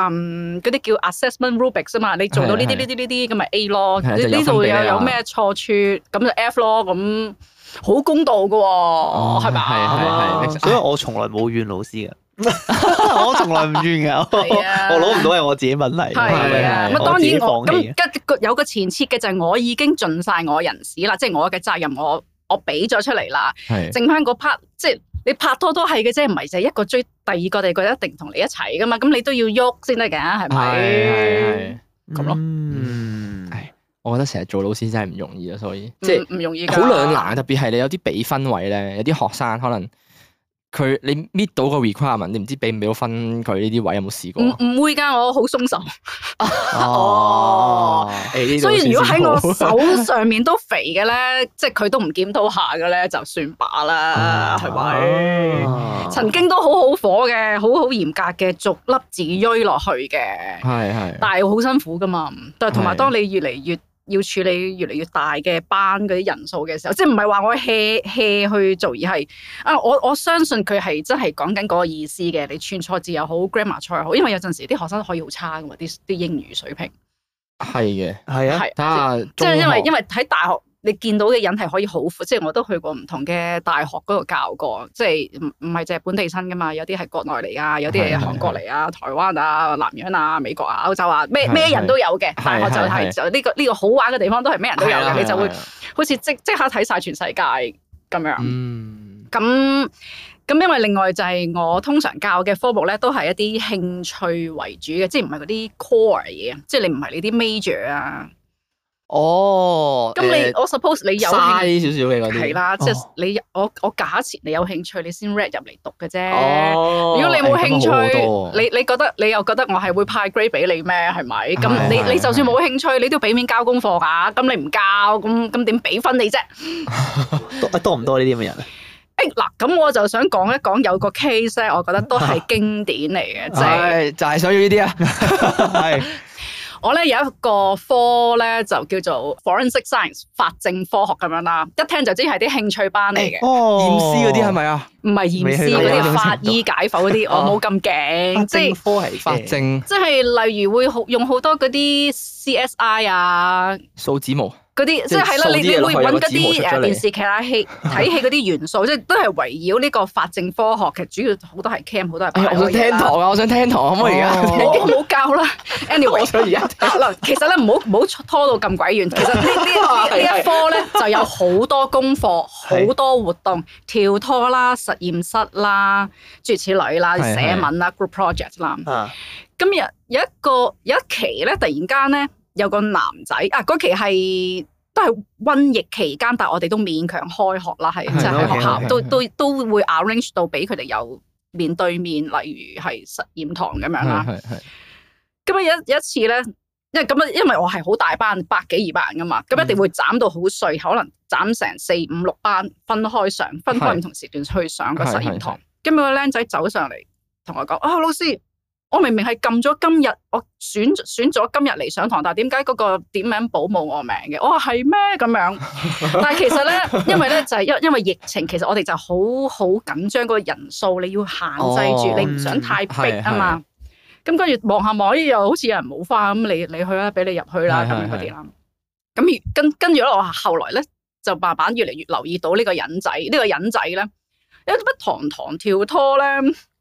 嗯嗰啲叫 assessment rubrics 啊嘛，你做到呢啲呢啲呢啲咁咪 A 咯，呢度又有咩錯處咁就 F 咯，咁好公道嘅喎、哦，係咪啊？係係，係係係，所以我從來冇怨老師嘅。 <laughs> 我從來唔願噶。 <laughs> 啊、 <laughs> 我攞唔到係我自己問題。係、啊。咁、啊、當然咁跟有個前設嘅就係我已經盡晒我人事啦，即、就、係、是、我嘅責任我我俾咗出嚟。啦。係、啊。剩翻嗰 part 即係你拍拖都係嘅，啫，唔係就一個追第二個，第二個一定同你一齊噶嘛？咁你都要喐先得噶，係咪？係係、啊。咁、啊啊嗯、咯。嗯。係。我覺得成日做老師真係唔容易啦，所以即係唔容易。好兩難，特別係你有啲比分位咧，有啲學生可能。佢你搣到個 requirement，你唔知俾唔俾到分，佢呢啲位有冇試過？唔唔會噶，我好鬆手哦。所以、欸、如果喺我手上面都肥嘅咧， <laughs> 即係佢都唔檢討下嘅咧，就算罷啦，係咪？曾經都好好火嘅，好好嚴格嘅，逐粒字推落去嘅，係係的，但係好辛苦噶嘛。但係同埋當你越嚟越。要處理越嚟越大嘅班嗰啲人數嘅時候，即係唔係話我 hea hea 去做，而係啊，我我相信佢係真係講緊嗰個意思嘅。你串錯字又好，grammar 錯又好，因為有陣時啲學生可以好差㗎嘛，啲啲英語水平。係嘅，係啊，睇下即係因為因為喺大學。你見到嘅人係可以好闊，即係我都去過唔同嘅大學嗰度教過，即係唔唔係淨係本地生噶嘛？有啲係國內嚟啊，有啲係韓國嚟啊、是是是台灣啊、南洋啊、美國啊、歐洲啊，咩咩人都有嘅。是是大學就係、是、是就呢個呢個好玩嘅地方，都係咩人都有嘅。是是是是你就會好似即即刻睇晒全世界咁樣。咁咁、嗯，因為另外就係我通常教嘅科目咧，都係一啲興趣為主嘅，即係唔係嗰啲 core 嘢，即係你唔係你啲 major 啊。哦，咁你、欸、我 suppose 你有興趣少少你嗰啲係啦，即係你我我假設你有興趣，你先 read 入嚟讀嘅啫。哦、如果你冇興趣，欸、你你覺得你又覺得我係會派 grade 俾你咩？係咪咁你、哎、你、你就算冇興趣，你都要俾面交功課噶、啊。咁你唔交咁咁點俾分你啫 <laughs> <laughs> 多唔多呢啲咁嘅人誒嗱？咁、哎、我就想講一講有個 case 咧，我覺得都係經典嚟嘅，就係、係哎、就係、係、想要呢啲啊。 <laughs> <laughs> 我咧有一個科咧就叫做 forensic science，法證科學，咁樣啦，一聽就知係啲興趣班嚟嘅。欸哦、驗屍嗰啲係咪啊？唔係驗屍嗰啲，法醫解剖嗰啲， <laughs> 哦、我冇咁勁。欸、法證科係法證，即係例如會好用好多嗰啲 CSI 啊，數指模。嗰啲即係係啦，你你會揾嗰啲誒電視劇啊戲，睇戲嗰啲元素，即係都係圍繞呢個法證科學。其實主要好多係 cam，好多係拍案。我想聽堂啊，我想聽堂，可唔可以而家？唔好教啦，Anyway，我想而家。嗱，其實咧，唔好唔好拖到咁鬼遠。其實呢呢一科咧就有好多功課，好多活動，跳拖啦，實驗室啦，諸如此類啦，寫文啦，group project 啦。今日有一個有一期咧，突然間咧。有個男仔啊，嗰期係都係瘟疫期間，但係我哋都勉強開學啦，係即係喺學校的都的都都會 arrange 到俾佢哋有面對面，例如係實驗堂咁樣啦。咁樣有有一,一,一次咧，因為咁啊，因為我係好大班，百幾二百人噶嘛，咁一定會斬到好碎，嗯、可能斬成四五六班分開上，分開唔同時段去上個實驗堂。咁個僆仔走上嚟同我講：啊，老師。我明明係撳咗今日，我選選咗今日嚟上堂，但係點解嗰個點名簿冇我名嘅？我話係咩咁樣？但係其實咧，因為咧就係、是、因因為疫情，其實我哋就好好緊張嗰、那個人數，你要限制住，哦嗯、你唔想太逼啊嘛。咁跟住望下望，咦，又好似有人冇返咁，你去你去啦，俾你入去啦，咁嗰啲啦。咁跟跟住咧，我後來咧就慢慢越嚟越留意到呢個印仔，這個、仔呢個印仔咧，一乜堂堂跳拖咧，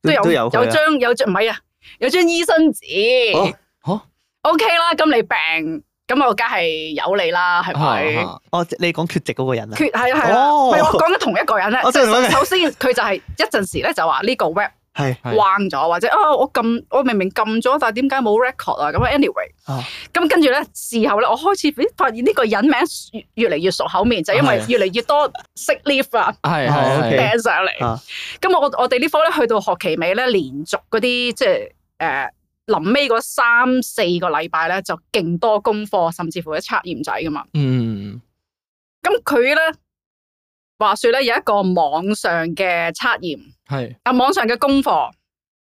都有都有，有張有張唔係啊。有張醫生紙，吓、哦哦、OK 啦。咁你病，咁我梗係有你啦，係咪？哦、啊啊，你講缺席嗰個人啊？缺係啊係啊，係、哦、我講緊同一個人咧。即係、哦、首先佢就係、是、 <laughs> 一陣時咧就話呢個 rap。係彎咗，或者啊、哦，我撳我明明撳咗，但係點解冇 record 啊？咁 anyway 咁跟住咧，事後咧，我開始發現呢個人名越嚟越熟口面，就是、因為越嚟越多識 live 啊，啊，掟上嚟。咁我我我哋呢科咧去到學期尾咧，連續嗰啲即係誒臨尾嗰三四個禮拜咧，就勁多功課，甚至乎一測驗仔噶嘛。嗯，咁佢咧。話說咧，有一個網上嘅測驗，係是啊網上嘅功課。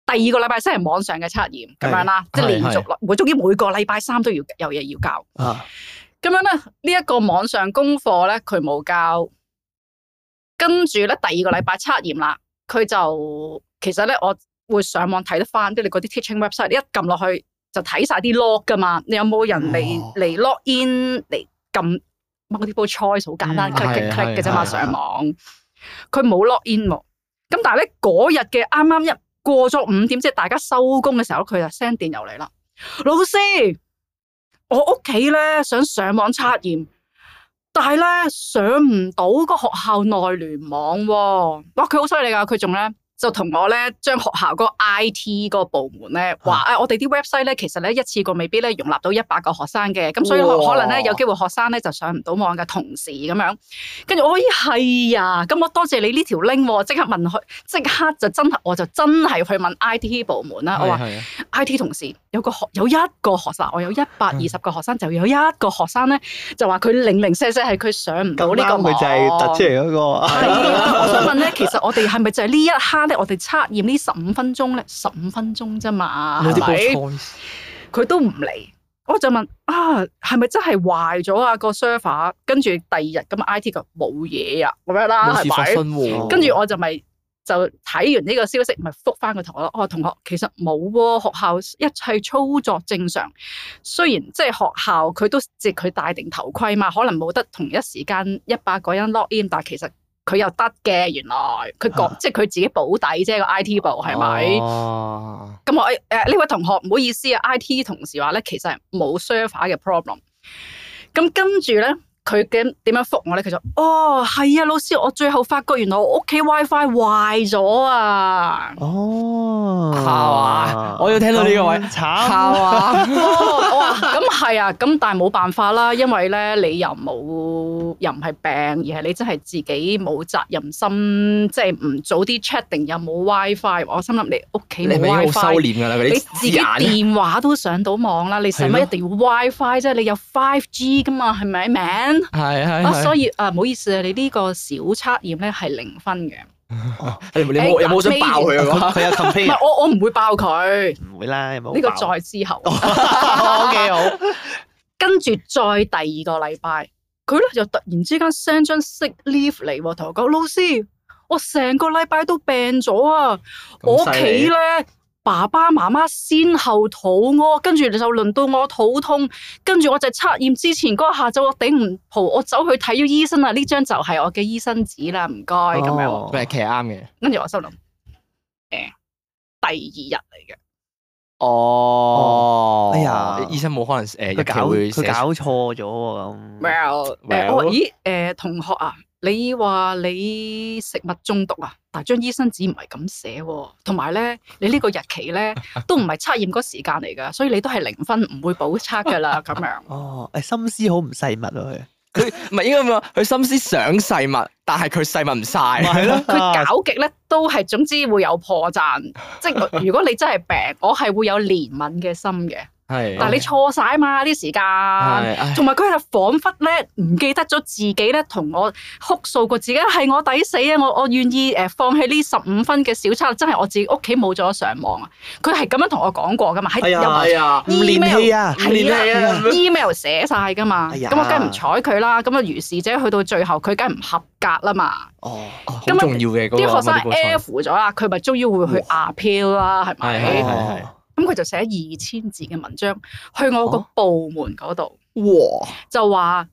第二個禮拜先係網上嘅測驗咁樣啦，即係連續每終於每個禮拜三都要有嘢要教。啊呢，咁樣咧，呢一個網上功課咧佢冇教，跟住咧第二個禮拜測驗啦，佢就其實咧，我會上網睇得翻啲你嗰啲 teaching website，你一撳落去就睇晒啲 log 噶嘛。你有冇人嚟嚟 log in 嚟撳？哦 <noise> multiple choice 好簡單 click click click 嘅啫嘛，上網佢冇 log in 喎。咁網但係咧嗰日嘅啱啱一過咗五點，即係大家收工嘅時候，佢就 send 電郵嚟啦。老師，我屋企咧想上網測驗，但係咧上唔到個學校內聯網喎、啊。哇，佢好犀利㗎，佢仲咧～就同我咧，將學校個 IT 嗰個部門咧話，誒我哋啲 website 咧，其實咧一次過未必咧容納到一百個學生嘅，咁所以可能咧有機會學生咧就上唔到網嘅。同時咁樣，跟住我咦，係呀，咁我多謝你呢條 link，即刻問佢，即刻就真係我就真係去問 IT 部門啦。我話 IT 同事有個學有一個學生，我有一百二十個學生，就有一個學生咧就話佢零零舍舍係佢上唔到呢個網。咁佢就係突出嚟嗰個。我想問咧，其實我哋係咪就係呢一刻？即係我哋測驗呢十五分鐘咧，十五分鐘啫嘛，係咪？佢 <music> 都唔嚟，我就問啊，係咪真係壞咗啊、個 server？跟住第二日咁 IT 講冇嘢啊，咁樣啦，係咪、啊？跟住我就咪就睇完呢個消息，咪覆翻個同學。哦，同學其實冇喎、啊，學校一切操作正常。雖然即係學校佢都接佢戴定頭盔嘛，可能冇得同一時間一百個人 lock in，但係其實。佢又得嘅，原來佢講即係佢自己保底啫，個 IT 部係咪？咁、啊、我誒呢、哎、位同學唔好意思啊，IT 同事話咧其實係冇 server 嘅 problem。咁跟住咧。佢點點樣覆我呢？佢就哦，係啊，老師，我最後發覺原來我屋企 WiFi 壞咗啊！哦，係嘛、啊？我要聽到呢個位，慘是啊！哇，咁係啊，咁但係冇辦法啦，因為呢，你又冇，又唔係病，而係你真係自己冇責任心，即係唔早啲 check 定有冇 WiFi。Fi，我心諗你屋企冇 WiFi，收斂㗎啦，Fi, 你，你自己電話都上到網啦， <laughs> 你使乜一定要 WiFi 啫？你有 5G 㗎嘛？係咪？係係啊，所以啊，唔好意思啊，你呢個小測驗咧係零分嘅。哦欸、你有冇、欸、想爆佢啊？佢有咁 a m 唔係，我我唔會爆佢。唔會啦，呢個再之後。O <laughs> K <laughs> <laughs> 好。Okay, 好 <laughs> 跟住再第二個禮拜，佢咧就突然之間 send 張 sick leave 嚟喎，同我講：老師，我成個禮拜都病咗啊，我屋企咧。爸爸媽媽先後肚屙，跟住就輪到我肚痛，跟住我就測驗之前嗰個下晝我頂唔住，我走去睇咗醫生啦，呢張就係我嘅醫生紙啦，唔該咁樣。佢係其實啱嘅。跟住我心諗，誒、欸，第二日嚟嘅。哦，哦，哎呀，醫生冇可能誒，佢、欸、搞佢搞錯咗咁。Well, 誒 Well、欸，咦，誒、欸欸，同學啊，你話你食物中毒啊？但係張醫生紙唔係咁寫，同埋咧，你呢個日期咧都唔係測驗嗰時間嚟噶，所以你都係零分，唔會補測噶啦咁樣。哦，誒，心思好唔細密啊佢，佢唔係應該咁，佢心思想細密，但係佢細密唔晒，係咯， <laughs> <laughs> 佢搞極咧都係總之會有破綻。 <laughs> 即係如果你真係病，我係會有憐憫嘅心嘅。但係你錯曬嘛啲時間，同埋佢係彷彿咧唔記得咗自己咧同我哭訴過，自己係我抵死啊！我我願意誒放棄呢十五分嘅小測，真係我自己屋企冇咗上網啊！佢係咁樣同我講過噶嘛？係啊，email 係啊，email 寫晒噶嘛？咁我梗係唔睬佢啦。咁啊，如是者去到最後，佢梗係唔合格啦嘛。哦，好重要嘅啲學生 F 咗啦，佢咪終於會去 appeal 啦？係咪？咁佢就寫二千字嘅文章去我個部門嗰度，哦、就話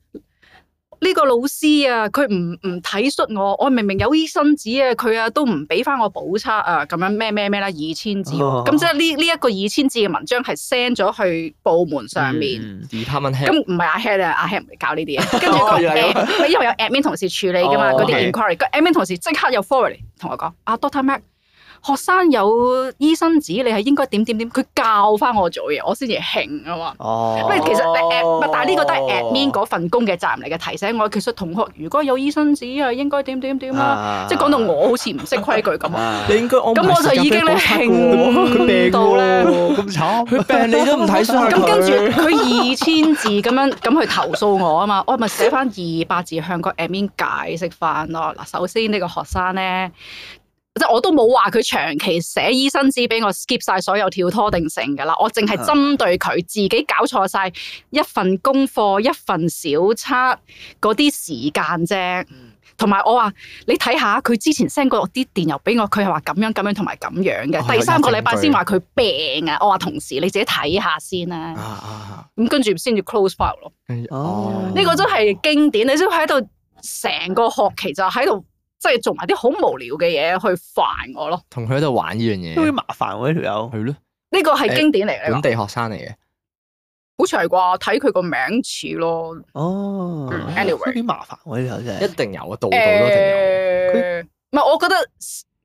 呢、這個老師啊，佢唔唔體恤我，我明明有醫生紙啊，佢啊都唔俾翻我補測啊，咁、啊、樣咩咩咩啦，二千字、啊，咁、哦、即係呢呢一個二千字嘅文章係 send 咗去部門上面 d 咁唔係阿 head 啊，阿 head 唔搞呢啲嘢，跟住、哦那個 A，唔係因為有 admin 同事處理噶嘛，嗰啲、哦、inquiry，個 okay. admin 同事即刻又 forward 嚟同我講，阿 doctor Mac 學生有醫生紙，你係應該點點點？佢教翻我做嘢，我先至慶啊嘛。哦，唔係，其實你 a、呃、但係呢個都係 admin 嗰份工嘅責任嚟嘅，提醒我。其實同學如果有醫生紙，係應該點點點啦。啊、即係講到我好似唔識規矩咁。你應該咁我，嗯、我就已經咧慶到咧，咁 <laughs> 慘。佢病你都唔睇傷。咁跟住佢二千字咁樣咁去投訴我啊嘛。我咪寫翻二百字向個 admin 解釋翻咯。嗱，首先呢、這個學生咧。即我都冇話佢長期寫醫生紙，俾我 skip 晒所有跳拖定性噶啦。我淨係針對佢自己搞錯晒一份功課、一份小測嗰啲時間啫。同埋我話你睇下佢之前 send 過落啲電郵俾我，佢係話咁樣咁樣同埋咁樣嘅。哦、第三個禮拜先話佢病啊。啊，我話同事你自己睇下先啦。咁跟住先至 close file 咯。哦、啊、呢、啊、個真係經典。你都喺度成個學期就喺度。即係做埋啲好無聊嘅嘢去煩我咯，同佢喺度玩呢樣嘢，都麻煩喎呢條友，係、這、咯、個，呢了個係經典嚟嘅、欸，本地學生嚟嘅，好似係啩，睇佢個名似咯。哦、oh,，anyway，都麻煩喎呢條友真係，一定有啊，度度都定有。唔係、欸他，我覺得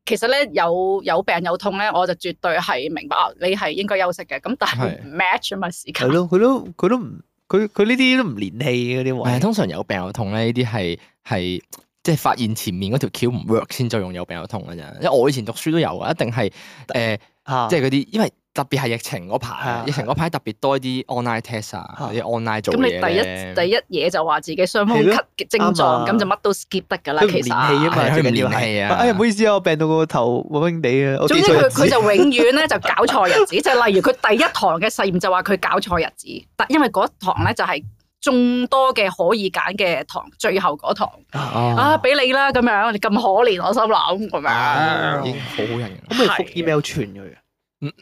其實咧有有病有痛咧，我就絕對係明白你係應該休息嘅。咁但係唔 match 啊嘛是時間，係咯，佢都佢都唔，佢佢呢啲都唔連氣嗰啲位，通常有病有痛咧呢啲係係。即係發現前面嗰條橋唔 work，先作用有病有痛嘅啫。因為我以前讀書都有啊，一定係誒，呃啊、即係嗰啲，因為特別係疫情嗰排，啊、疫情嗰排特別多啲 online test 啊，啲 online、啊嗯、做嘢。咁你第一第一嘢就話自己傷風咳嘅症狀，咁、啊、就乜都 skip 得噶啦。其實，去練氣啊嘛，去練氣啊。啊哎呀，唔好意思啊，我病到個頭嗡嗡地啊。總之佢佢就永遠咧就搞錯日子，就係 <laughs> 例如佢第一堂嘅實驗就話佢搞錯日子，但因為嗰堂咧就係。眾多嘅可以揀嘅堂，最後嗰堂、oh. 啊，俾你啦咁樣，你咁可憐，我心諗咁樣，已經好好人嘅，咁佢覆 email 傳佢嘅。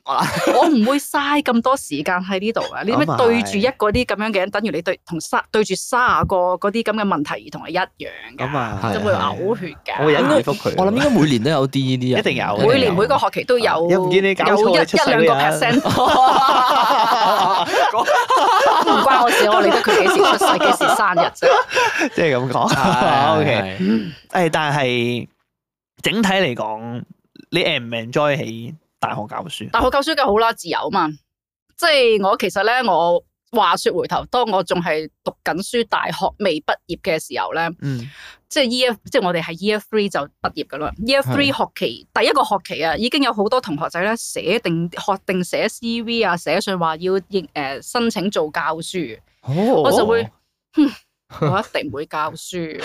我唔會嘥咁多時間喺呢度嘅，你咩對住一嗰啲咁樣嘅人，等於你對同三對住卅個嗰啲咁嘅問題兒童係一樣嘅，都會嘔血嘅。我諗應該每年都有啲呢啲人，一定有。每年每個學期都有，有一一兩個 percent，唔關我事，我理得佢幾時出世、幾時生日啫。即係咁講，OK。誒，但係整體嚟講，你 enjoy 起。大學教書，大學教書梗係好啦，自由啊嘛！即係我其實咧，我話說回頭，當我仲係讀緊書，大學未畢業嘅時候咧，嗯，即係 year，即係我哋係 year three 就畢業噶啦，year three 學期第一個學期啊，已經有好多同學仔咧寫定、學定寫 C V 啊，寫信話要應誒申請做教書，哦、我就會，哼。我一定唔會教書。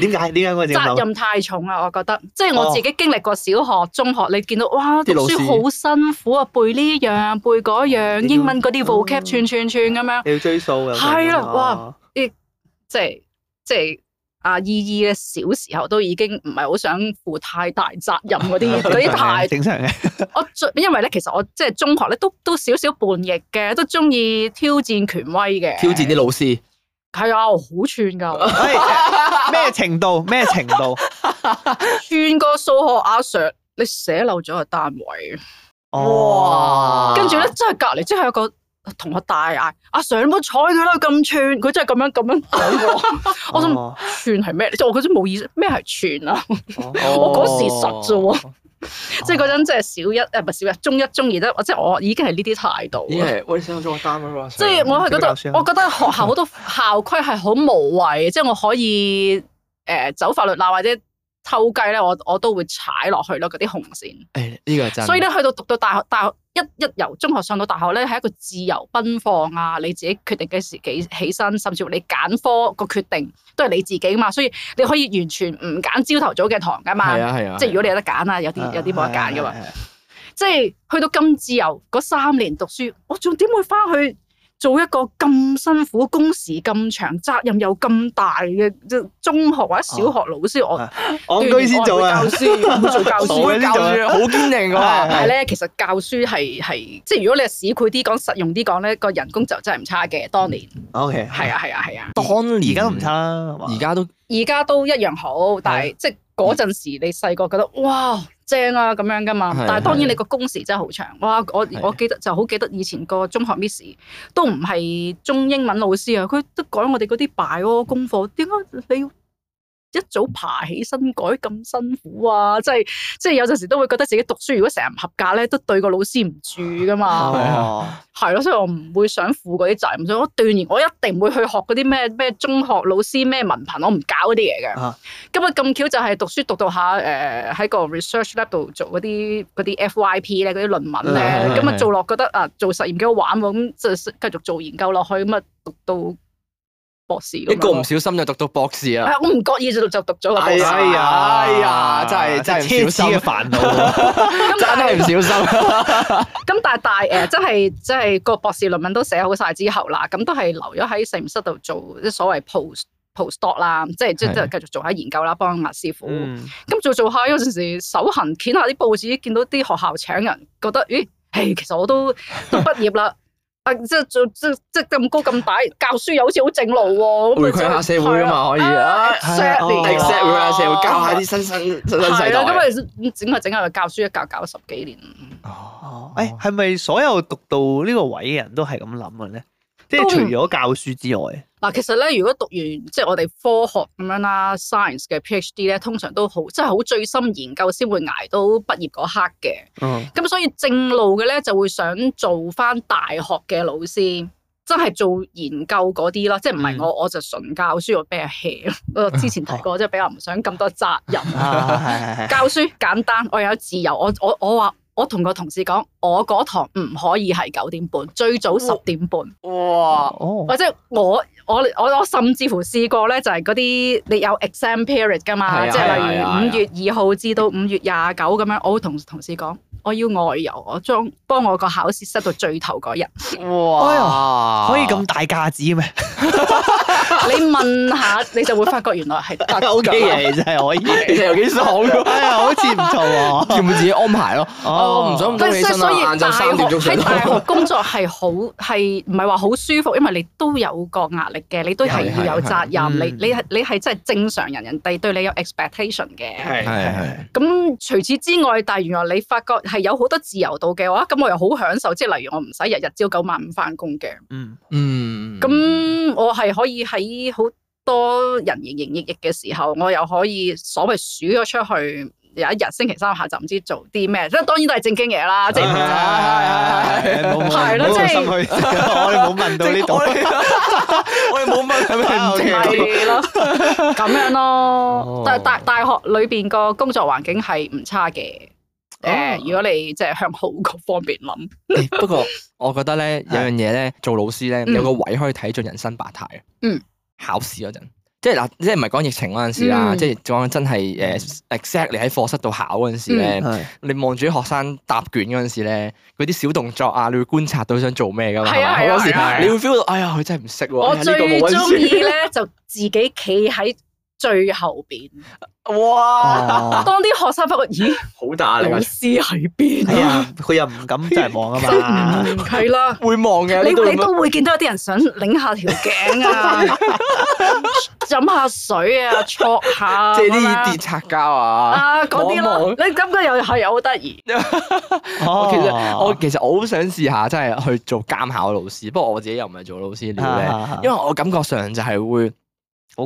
點解？ <laughs> 點解？我責任太重啦！我覺得即係我自己經歷過小學、中學，你見到哇，讀書好辛苦啊，背呢樣、背嗰樣，要英文嗰啲背 vocab 串串串咁樣。你要追數啊！係啦的，哦、哇！啲即係即係阿依依咧，小時候都已經唔係好想負太大責任嗰啲嗰啲太正常嘅的。常 <laughs> 我因為咧，其實我即係中學咧，都都少少，少叛逆嘅，都中意挑戰權威嘅，挑戰啲老師。係啊，好串噶，咩程度咩程度？程度 <laughs> 串個數學阿、啊、sir，你寫漏咗個單位。哇！跟住咧，真係隔籬，即係有個同學大嗌：阿、啊、sir，你冇睬佢啦，咁 <laughs> 想、哦、串！佢真係咁樣咁樣講我。我唔串係咩？即係我覺得冇意思。咩係串啊？ <laughs> 我講事實啫。哦。哦、即係嗰陣，即係小一，誒唔係小一，中一、中二咧，即係我已經係呢啲態度。即係我係覺得， <laughs> 我覺得學校好多校規係好無謂， <laughs> 即係我可以誒、呃、走法律罅或者偷雞咧，我我都會踩落去咯，嗰啲紅線。誒、哎，呢個真。所以咧，去到讀到大學，大學。一一由中學上到大學咧，係一個自由奔放啊！你自己決定嘅時幾起身，甚至乎你揀科個決定都係你自己嘛。所以你可以完全唔揀朝頭早嘅堂噶嘛。係啊係啊，啊啊即係如果你有得揀啊，有啲有啲冇得揀噶嘛。啊啊、即係去到咁自由嗰三年讀書，我仲點會翻去？做一個咁辛苦、工時咁長、責任又咁大嘅，即中學或者小學老師，啊、我安居先做教書，做 <laughs> 教書，好 <laughs> 堅定啊！係、啊、咧、啊啊啊，其實教書係係，即係如果你市儈啲講，實用啲講咧，個人工就真係唔差嘅。當年、嗯，OK，係啊係啊係啊，啊啊啊當年而家都唔差啦，而家都。而家都一樣好，但係即係嗰陣時你細個覺得的哇，正啊，咁樣㗎嘛，的但係當然你個工時真係好長。哇！我的我記得就好記得以前個中學 Miss 都唔係中英文老師啊，佢都改我哋嗰啲 bio，啊、功課，點解你一早爬起身改咁辛苦啊！即係即係有陣時都會覺得自己讀書如果成日唔合格咧，都對個老師唔住噶嘛。係啊，係咯，所以我唔會想負嗰啲責任。所以我斷言，我一定唔會去學嗰啲咩咩中學老師咩文憑，我唔搞嗰啲嘢嘅。咁啊咁巧就係讀書讀到下誒喺個 research lab 度做嗰啲嗰啲 FYP 咧嗰啲論文咧，咁啊做落覺得啊做實驗幾好玩喎，咁就繼續做研究落去咁啊讀到。博士，一個唔小心就讀到博士啊！我唔覺意就就讀咗個博士。哎呀，真係真係小心嘅煩惱，真係唔小心。咁但係大誒，真係真係個博士論文都寫好晒之後啦，咁都係留咗喺實驗室度做啲所謂 post post doc 啦，即係即係都繼續做下研究啦，幫阿師傅。咁是、嗯、做做下嗰陣時手，手痕掀下啲報紙，見到啲學校請人，覺得咦，誒，其實我都都畢業啦。 <laughs> 即係做即即咁高咁大教書又好似好正路喎、啊，回饋下社會啊嘛可以啊，exert 回饋下社會，教下啲新生新生世代、啊。係咯，因為整係整下教書一教教十幾年。哦，誒係咪所有讀到呢個位嘅人都係咁諗嘅咧？即係除咗教書之外，嗱，其實咧，如果讀完即係、就是、我哋科學咁樣啦，science 嘅 PhD 咧，通常都好即係好醉心研究先會捱到畢業嗰刻嘅。咁、嗯、所以正路嘅咧就會想做返大學嘅老師，真係做研究嗰啲咯，即係唔係我、嗯、我就純教書我比較 hea 咯。 <laughs> 我之前提過，即係 <laughs> 比較唔想咁多責任啊， <laughs> 教書簡單，我有自由，我我我話。我同個同事講，我嗰堂唔可以係九點半，最早十點半。哇！哇或者我我我我甚至乎試過咧，就係嗰啲你有 exam period 噶嘛，啊、即係例如五月二號至到五月廿九咁樣，我同同事講，我要外遊，幫我將幫我個考試塞到最頭嗰日。哇、哎！可以咁大架子咩？ <laughs> 你問下你就會發覺原來係得嘅，真係可以，其實有幾爽嘅。係啊，好似唔錯喎，全部自己安排咯。我唔想講起身。晏晝三點鐘喺大學工作係好係唔係話好舒服？因為你都有個壓力嘅，你都係要有責任。你你係你係真係正常人，人哋對你有 expectation 嘅。係係係。咁除此之外，但係原來你發覺係有好多自由度嘅話，咁我又好享受。即係例如我唔使日日朝九晚五翻工嘅。嗯嗯。咁我係可以喺啲好多人營營役役嘅時候，我又可以所謂數咗出去，有一日星期三下晝唔知做啲咩，即當然都係正經嘢啦，正啦，係係係係係，冇冇冇心去，就是、我哋冇問到呢度， <laughs> <laughs> 我哋冇問到，咁 <laughs> 樣咯，oh. 但係大大學裏邊個工作環境係唔差嘅，誒，oh. 如果你即係向好嗰方面諗，oh. 哎，不過我覺得咧有樣嘢咧做老師咧有個位可以睇盡人，人生百態嘅，嗯。考試嗰陣，即係嗱，即係唔係講疫情嗰陣時啦，嗯、即係講真係誒、uh,，exactly 喺課室度考嗰陣時咧，嗯、你望住啲學生答卷嗰陣時咧，佢啲小動作啊，你會觀察到想做咩㗎嘛？係啊係啊，你會 feel 到，啊、哎呀，佢真係唔識。我最中、哎這個、意咧， <laughs> 就自己企喺。最後邊哇！當啲學生發覺，咦，好大嚟，老師喺邊？係啊，佢又唔敢就係望啊嘛？係啦，會望嘅。你你都會見到有啲人想擰下條頸啊，飲下水啊，搓下，即係啲跌擦膠啊，啊，啲啦。你感覺又係又好得意。我其實我其實我好想試下，真係去做監考老師。不過我自己又唔係做老師料咧，因為我感覺上就係會。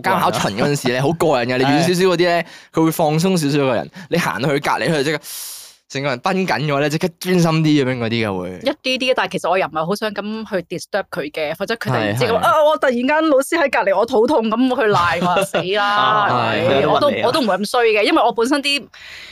監考、啊、巡嗰陣時咧，好過 <laughs> 癮嘅，你遠少少嗰啲咧，佢會放鬆少少個人。你行到去隔離，佢就即刻，成個人崩緊咗咧，即刻專心啲咁樣嗰啲嘅會一啲啲，但係其實我又唔係好想咁去 disturb 佢嘅，否則佢突然之間我突然間老師喺隔離，我肚痛咁去賴我死啦，我都我都唔會咁衰嘅，因為我本身啲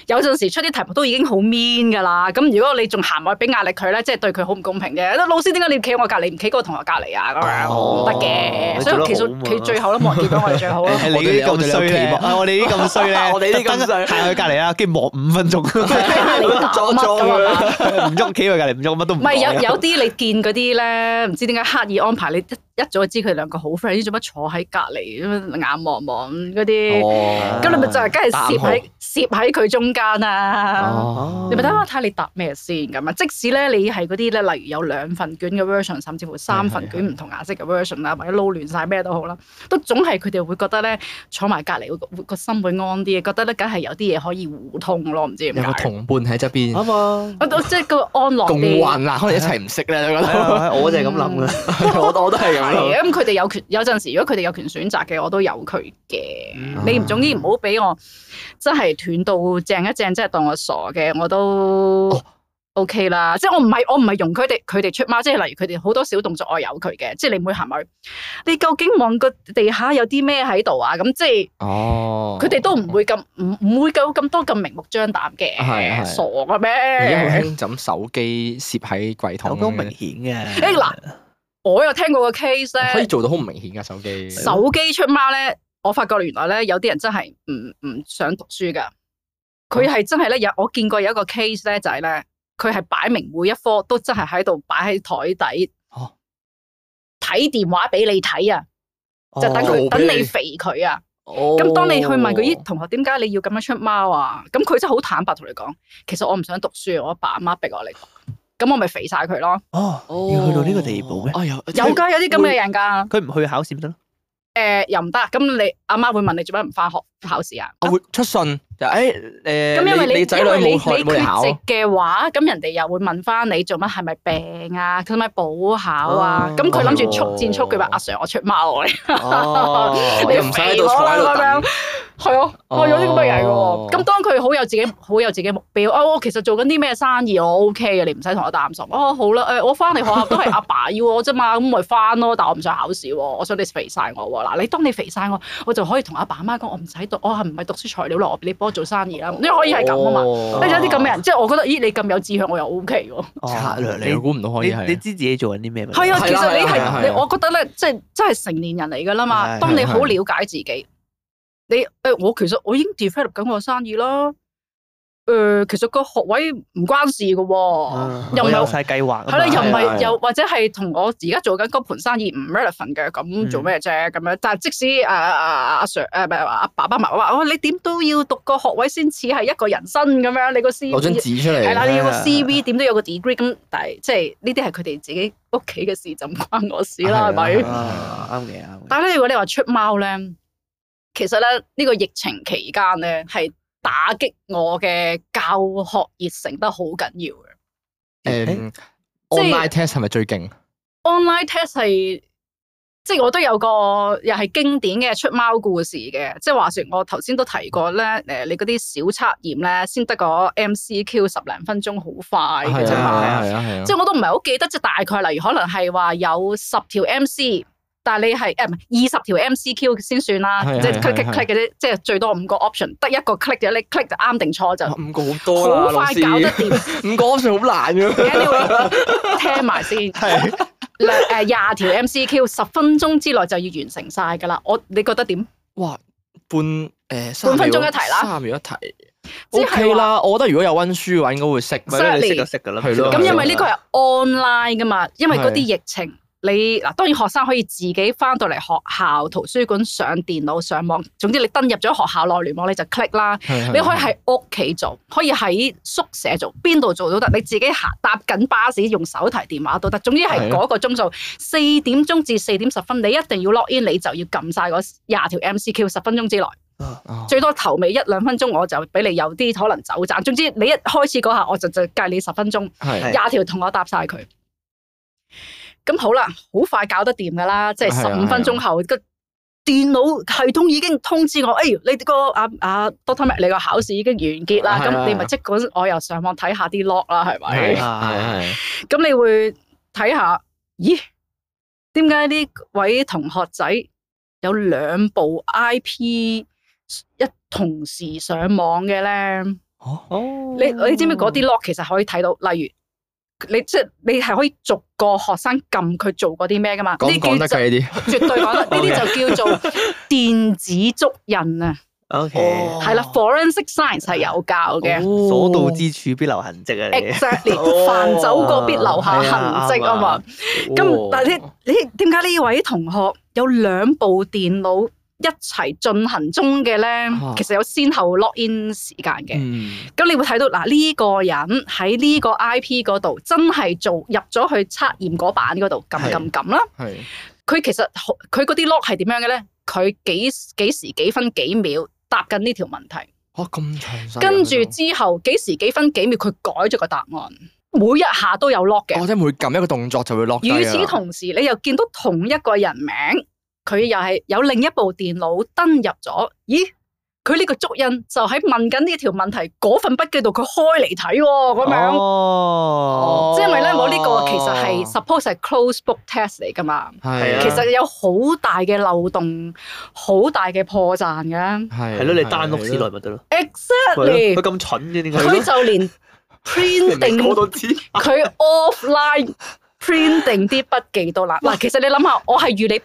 有陣時出啲題目都已經好 mean 噶啦，咁如果你仲行埋俾壓力佢咧，即係對佢好唔公平嘅。老師點解你企我隔離，唔企嗰個同學隔離啊？咁樣得嘅，所以其實佢最後都冇人見到我哋最好你啲咁衰咧，我哋啲咁衰咧，我哋啲咁衰係佢隔離啦，跟住望五分鐘。坐唔喐企佢隔離，唔坐乜都唔坐。係 <laughs> 不 <laughs> 有有啲你見嗰啲咧，唔知點解刻意安排你一早就知佢兩個好 friend，做乜坐喺隔離咁眼望望嗰啲？咁你咪就係梗係攝喺攝喺佢中間啊！哦、你咪睇下我睇你搭咩先咁啊！即使咧你係嗰啲咧，例如有兩份卷嘅 version，甚至乎三份卷唔同顏色嘅 version 啊，係係係或者撈亂晒咩都好啦，都總係佢哋會覺得咧坐埋隔離會個心會安啲嘅，覺得咧梗係有啲嘢可以互通咯，唔知點解。有個同伴喺，側邊啊嘛，即係個安樂啲。共患難啊，可能一齊唔識咧，我就咁諗啦。我都我都係咁嘅。咁佢哋有權有陣時，如果佢哋有權選擇嘅，我都有佢嘅。嗯、你總之唔好俾我真係斷到正一正，真係當我傻嘅，我都。哦 O.K. 啦，即係我唔係我唔係容佢哋佢哋出貓，即係例如佢哋好多小動作，我有佢嘅，即係你唔會行去，你究竟望個地下有啲咩喺度啊？咁即係哦，佢哋都唔會咁唔唔會夠咁多咁明目張膽嘅傻嘅咩？而家好興枕手機攝喺櫃桶顯，好明顯嘅誒嗱，我又聽過個 case 咧，可以做到好唔明顯嘅手機手機出貓咧，我發覺原來咧有啲人真係唔唔想讀書噶，佢係真係咧有、嗯、我見過有一個 case 咧就係咧。佢係擺明每一科都真係喺度擺喺台底睇、哦、電話俾你睇啊！就等佢等你肥佢啊！咁、哦、當你去問佢啲、哦、同學點解你要咁樣出貓啊？咁佢真係好坦白同你講，其實我唔想讀書，我阿爸阿媽逼我嚟讀，咁我咪肥晒佢咯！哦，要去到呢個地步咩？有有㗎，有啲咁嘅人㗎。佢唔去考試咪得咯？誒、呃，又唔得。咁你阿媽，媽會問你做咩唔返學考試啊？我會出信。咁因為，你仔女你你缺席嘅話，咁人哋又會問翻你做乜係咪病啊？佢咪補考啊？咁佢諗住速戰速決，佢話，阿 Sir，我出貓我你肥我啦，係啊，我有啲咁嘅嘢喎。咁當佢好有自己好有自己目標啊，我其實做緊啲咩生意，我 OK 嘅。你唔使同我擔心哦，好啦，我翻嚟學校都係阿爸要我啫嘛，咁咪翻咯。但我唔想考試喎，我想你肥晒我喎。嗱，你當你肥晒我，我就可以同阿爸阿媽講，我唔使讀，我係唔係讀書材料咯？我畀你做生意啦，你可以係咁啊嘛，即係有啲咁嘅人，即係我覺得，咦，你咁有志向，我又 OK 喎。策略你估唔到可以係，你知自己做緊啲咩？係啊，其實你係，你我覺得咧，即係真係成年人嚟噶啦嘛。當你好了解自己，你誒，我其實我已經 develop 緊我生意咯。誒，其實個學位唔關事噶，又唔係有晒計劃，係啦，又唔係又或者係同我而家做緊嗰盤生意唔 relevant 嘅，咁做咩啫？咁樣但係即使誒誒阿 Sir 誒唔係阿爸爸媽媽話，哦你點都要讀個學位先似係一個人生咁樣，你個 CV 攞張紙出嚟。」係啦，你要個 CV 點都有個 degree 咁，但係即係呢啲係佢哋自己屋企嘅事，就唔關我事啦，係咪？啱嘅，但係咧，如果你話出貓咧，其實咧呢個疫情期間咧係。打擊我嘅教學熱誠得好緊要嘅。誒、um, 即，online test 係咪最勁？online test 係即係我都有個又係經典嘅出貓故事嘅，即係話說我頭先都提過咧，誒，你嗰啲小測驗咧先得個 MCQ 十零分鐘好快嘅啫嘛，係啊係啊，啊啊啊啊即係我都唔係好記得，即係大概例如可能係話有十條 MC。但係你係誒二十條 MCQ 先算啦，即係 click click 啲，即係最多五個 option，得一個 click 嘅，你 click 就啱定錯就。五個好多啦，好快搞得掂。五個 option 好難嘅。聽埋先，係誒廿條 MCQ，十分鐘之內就要完成晒噶啦。我你覺得點？哇，半誒三分鐘一題啦，三秒一題。OK 啦，我覺得如果有溫書嘅話，應該會識，你識就識噶啦。係咯。咁因為呢個係 online 噶嘛，因為嗰啲疫情。你嗱，當然學生可以自己翻到嚟學校圖書館上電腦上網，總之你登入咗學校內聯網你就 click 啦。是是是，你可以喺屋企做，可以喺宿舍做，邊度做都得。你自己行，搭緊巴士，用手提電話都得。總之係嗰個鐘數，四點鐘至四點十分，你一定要 lock in，你就要撳晒嗰廿條 MCQ，十分鐘之內。哦、最多頭尾一兩分鐘我就俾你有啲可能走盞。總之你一開始嗰下我就就計你十分鐘，廿是是 條同我答晒佢。咁好啦，好快搞得掂噶啦，即係十五分鐘後個、啊、電腦系統已經通知我，啊、哎，你、你個阿阿、啊啊、Doctor Mike 你個考試已經完結啦，咁、啊嗯、你咪即管我又上網睇下啲 log 啦，係咪？係係咁你會睇下，咦？點解呢位同學仔有兩部 IP 一同時上網嘅咧？ <noise> 哦你你知唔知嗰啲 log 其實可以睇到？例如。你即係你係可以逐個學生撳佢做過啲咩噶嘛？講講得計啲，絕對講得呢啲 <laughs> OK 就叫做電子足印啊。O K，係啦，forensic science 係有教嘅，哦、所到之處必留痕跡啊你、哦確。Exactly，凡走過必留下痕跡啊嘛、哦嗯。咁、哦、但係你你點解呢位同學有兩部電腦？一齊進行中嘅咧，其實有先後 log in 時間嘅。咁、嗯、你會睇到嗱，呢、呢個人喺呢個 IP 嗰度真係做入咗去測驗嗰版嗰度撳撳撳啦。佢其實佢嗰啲 log 係點樣嘅咧？佢幾幾時幾分幾秒答緊呢條問題？嚇咁、哦、詳細、啊、跟住之後幾時幾分幾秒佢改咗個答案，每一下都有 log 嘅、哦。即係每撳一個動作就會 log。與此同時，你又見到同一個人名。佢又係有另一部電腦登入咗，咦？佢呢個足印就喺問緊呢條問題嗰份筆記度，佢開嚟睇喎咁樣，即係咪咧？我、哦就是、呢、哦、個其實係 suppose 係 close、哦、book test 嚟噶嘛，啊、其實有好大嘅漏洞，好大嘅破綻嘅。係咯、啊，你單獨試耐咪得咯？Exactly，佢咁蠢嘅，佢、啊、就連 print 定佢 offline。printing 啲筆記到喇。嗱， <laughs> 其實你諗下，我係預你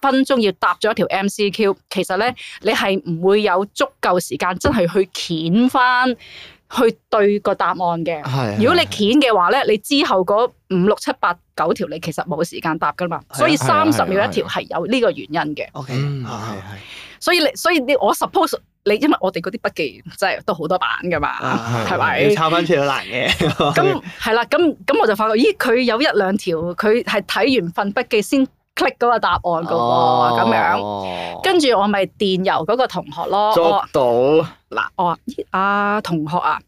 半分鐘要答咗一條 MCQ，其實咧你係唔會有足夠時間真係去鉛翻去對個答案嘅。係。 <laughs> 如果你鉛嘅話咧，你之後嗰五六七八九條你其實冇時間答噶嘛。 <laughs> 所以三十秒一條係有呢個原因嘅。OK，係係，所以你所以你我 suppose。你因為我哋嗰啲筆記真係都好多版噶嘛，係咪、啊？抄翻出嚟都難嘅。咁係啦，咁咁我就發覺，咦佢有一兩條，佢係睇完份筆記先 click 嗰個答案噶喎，咁樣。跟住我咪電郵嗰個同學咯。捉到嗱，我話啊同學啊，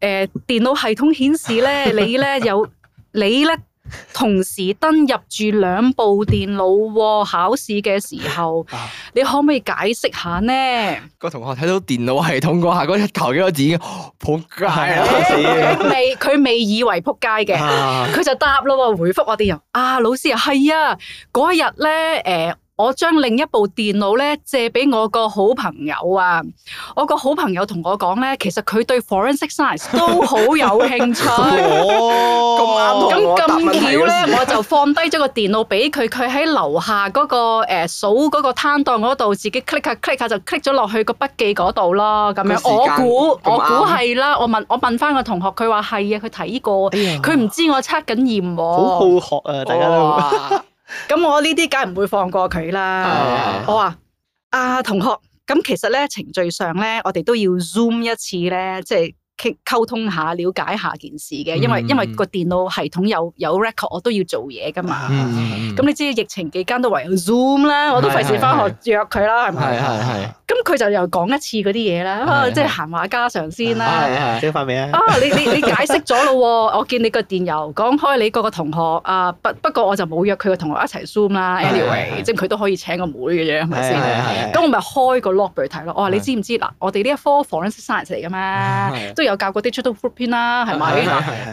誒、呃、電腦系統顯示咧， <laughs> 你咧有你咧。同時登入住兩部電腦，哦，考試嘅時候，啊、你可唔可以解釋下呢？個、啊、同學睇到電腦系統個下嗰一頭幾個字，撲街啊！未佢未以為撲街嘅，佢、啊、就答咯，回覆我哋啊，老師啊係啊，嗰一日咧誒。呃我將另一部電腦咧借俾我個好朋友啊！我個好朋友同我講咧，其實佢對 forensic science 都好有興趣。 <laughs> 哦，咁咁 <laughs> 巧咧，我就放低咗個電腦俾佢，佢喺樓下嗰、嗰個誒數嗰個攤檔嗰度，自己 click 下、啊、click 下、啊、就 click 咗落去個筆記嗰度啦。咁樣我估我估係啦。我問我問翻個同學，佢話係啊，佢睇過，佢唔知我測緊驗。好好學啊，大家都、哦。咁我呢啲梗係唔會放過佢啦。啊、我話啊同學，咁其實咧程序上咧，我哋都要 Zoom 一次咧，即係溝通下、了解下件事嘅。因為、嗯、因為個電腦系統有有 record，我都要做嘢噶嘛。咁、嗯嗯、你知疫情期間都唯有 Zoom 啦，是是是是我都費事返學約佢啦，係咪？係係係。咁佢就又講一次嗰啲嘢啦，即係閒話家常先啦。啊，你你你解釋咗咯喎，我見你個電郵講開你嗰個同學啊，不不過我就冇約佢個同學一齊 Zoom 啦。Anyway，即係佢都可以請個妹嘅啫，係咪先？咁我咪開個 log 俾你睇咯。哇，你知唔知嗱，我哋呢一科 forensic science 嚟嘅咩，都有教過啲 digital footprint 啦，係咪？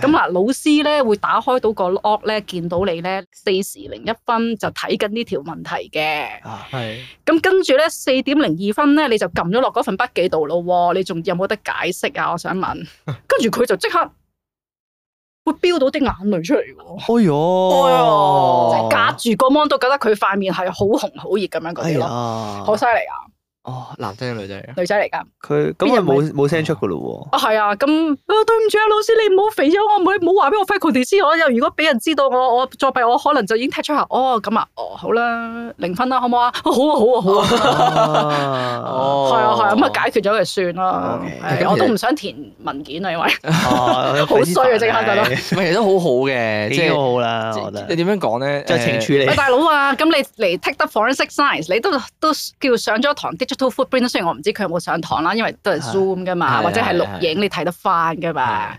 咁嗱，老師咧會打開到個 log 咧，見到你咧四時零一分就睇緊呢條問題嘅。啊，係。咁跟住咧，四點零二分。咧你就撳咗落嗰份筆記度咯，你仲有冇得解釋啊？我想問，跟住佢就即刻會飆到啲眼淚出嚟喎。哎喲呦，哎喲呦，即係隔住個 mon 都覺得佢塊面係好紅好熱咁樣嗰啲咯，好犀利啊！哦，男仔定女仔？女仔嚟噶。佢咁又冇冇 s 出噶咯喎？啊係啊，咁我對唔住啊，老師你唔好肥咗我，唔好唔好話俾我 factories，我又如果俾人知道我我作弊，我可能就已經踢出下。哦，咁啊，哦好啦，零分啦，好唔好啊？好啊，好啊，好啊。哦。係啊係啊，咁啊解決咗佢算啦。我都唔想填文件啊，因為好衰啊，即刻就咯。其實都好好嘅，即係好好啦，我覺得。你點樣講咧？酌情處理。喂，大佬啊，咁你嚟 take t forensic science，你都都叫上咗堂 Two 雖然我唔知佢有冇上堂啦，因為都係 Zoom 噶嘛，或者係錄影你睇得翻噶嘛，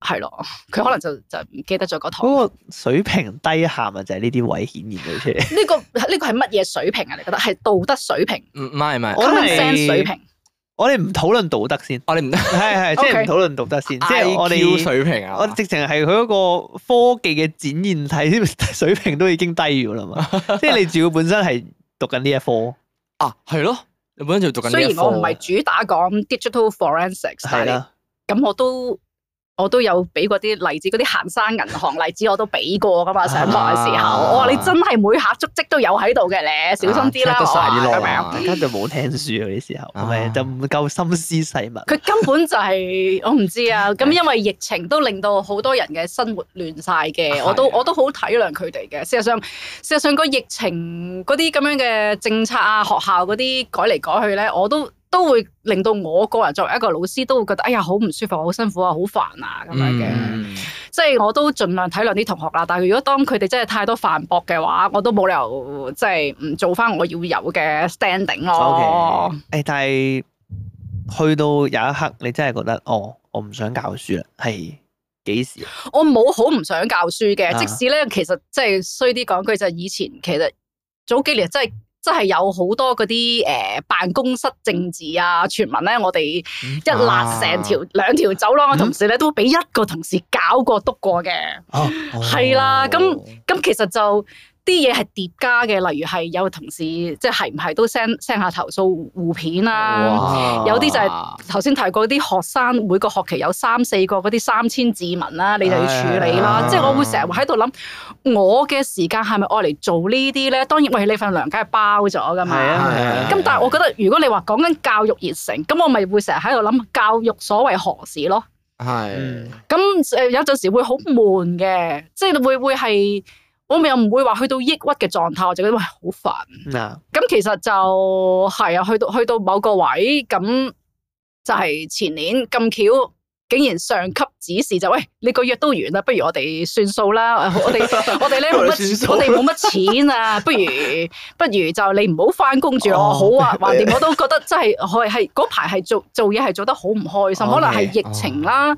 係咯，佢可能就就唔記得咗嗰堂。嗰個水平低下嘛，就係呢啲位顯現到出嚟。呢個呢個係乜嘢水平啊？你覺得係道德水平？唔唔係唔係，我可能 send 水平。我哋唔討論道德先，我哋唔係係係，即係唔討論道德先，即係我哋要水平啊！我直情係佢嗰個科技嘅展現體水平都已經低咗啦嘛，即係你主要本身係讀緊呢一科。啊，係咯，你本身就讀緊書，雖然我唔係主打講 digital forensics，但係咁的我都。我都有俾過啲例子，嗰啲行山銀行例子我都俾過噶嘛，上堂嘅時候，啊、我話你真係每下足跡都有喺度嘅咧，啊、小心啲啦，係咪啊？而家說嘛就冇聽書嗰啲時候，係咪、啊、就唔夠心思細密？佢、啊、根本就係、是、我唔知啊！咁 <laughs> 因為疫情都令到好多人嘅生活亂晒嘅，我都我都好體諒佢哋嘅。事實上，事實上個疫情嗰啲咁樣嘅政策啊，學校嗰啲改嚟改去咧，我都。都會令到我個人作為一個老師都會覺得哎呀，好唔舒服，好辛苦煩啊，好煩啊咁樣嘅。嗯、即係我都盡量體諒啲同學啦。但係如果當佢哋真係太多反駁嘅話，我都冇理由即係唔做翻我要有嘅 standing 咯、啊。誒、okay。哎，但係去到有一刻你真係覺得哦，我唔想教書啦，係幾時？我冇好唔想教書嘅，啊、即使咧，其實即係衰啲講句就以前，其實早幾年真係。真係有好多嗰啲誒辦公室政治啊，傳聞咧，我哋一辣成條兩條走廊嘅同事咧、嗯、都俾一個同事搞過督過嘅，係啦、啊，咁、哦、咁 <laughs> 其實就。啲嘢係疊加嘅，例如係有同事即係唔係都 send send 下投訴互片啦、啊，哇有啲就係頭先提過啲學生每個學期有三四個嗰啲三千字文啦，你就要處理啦。哎、呀即係我會成日喺度諗，我嘅時間係咪愛嚟做呢啲咧？當然，我係你份糧梗係包咗噶嘛。咁、哎、呀但係我覺得，如果你話講緊教育熱誠，咁我咪會成日喺度諗教育所謂何事咯。係咁誒，嗯、有陣時會好悶嘅，即係會會係。我咪又唔會話去到抑鬱嘅狀態，我就覺得喂好煩。咁、哎、No. 其實就係、是、啊，去到去到某個位，咁就係前年咁巧。竟然上級指示就喂，你個約都完啦，不如我哋算數啦。我哋我哋咧冇乜，我哋冇乜錢啊。不如不如就你唔好返工住我。好啊，橫掂我都覺得真係係嗰排係做做嘢係做得好唔開心，可能係疫情啦，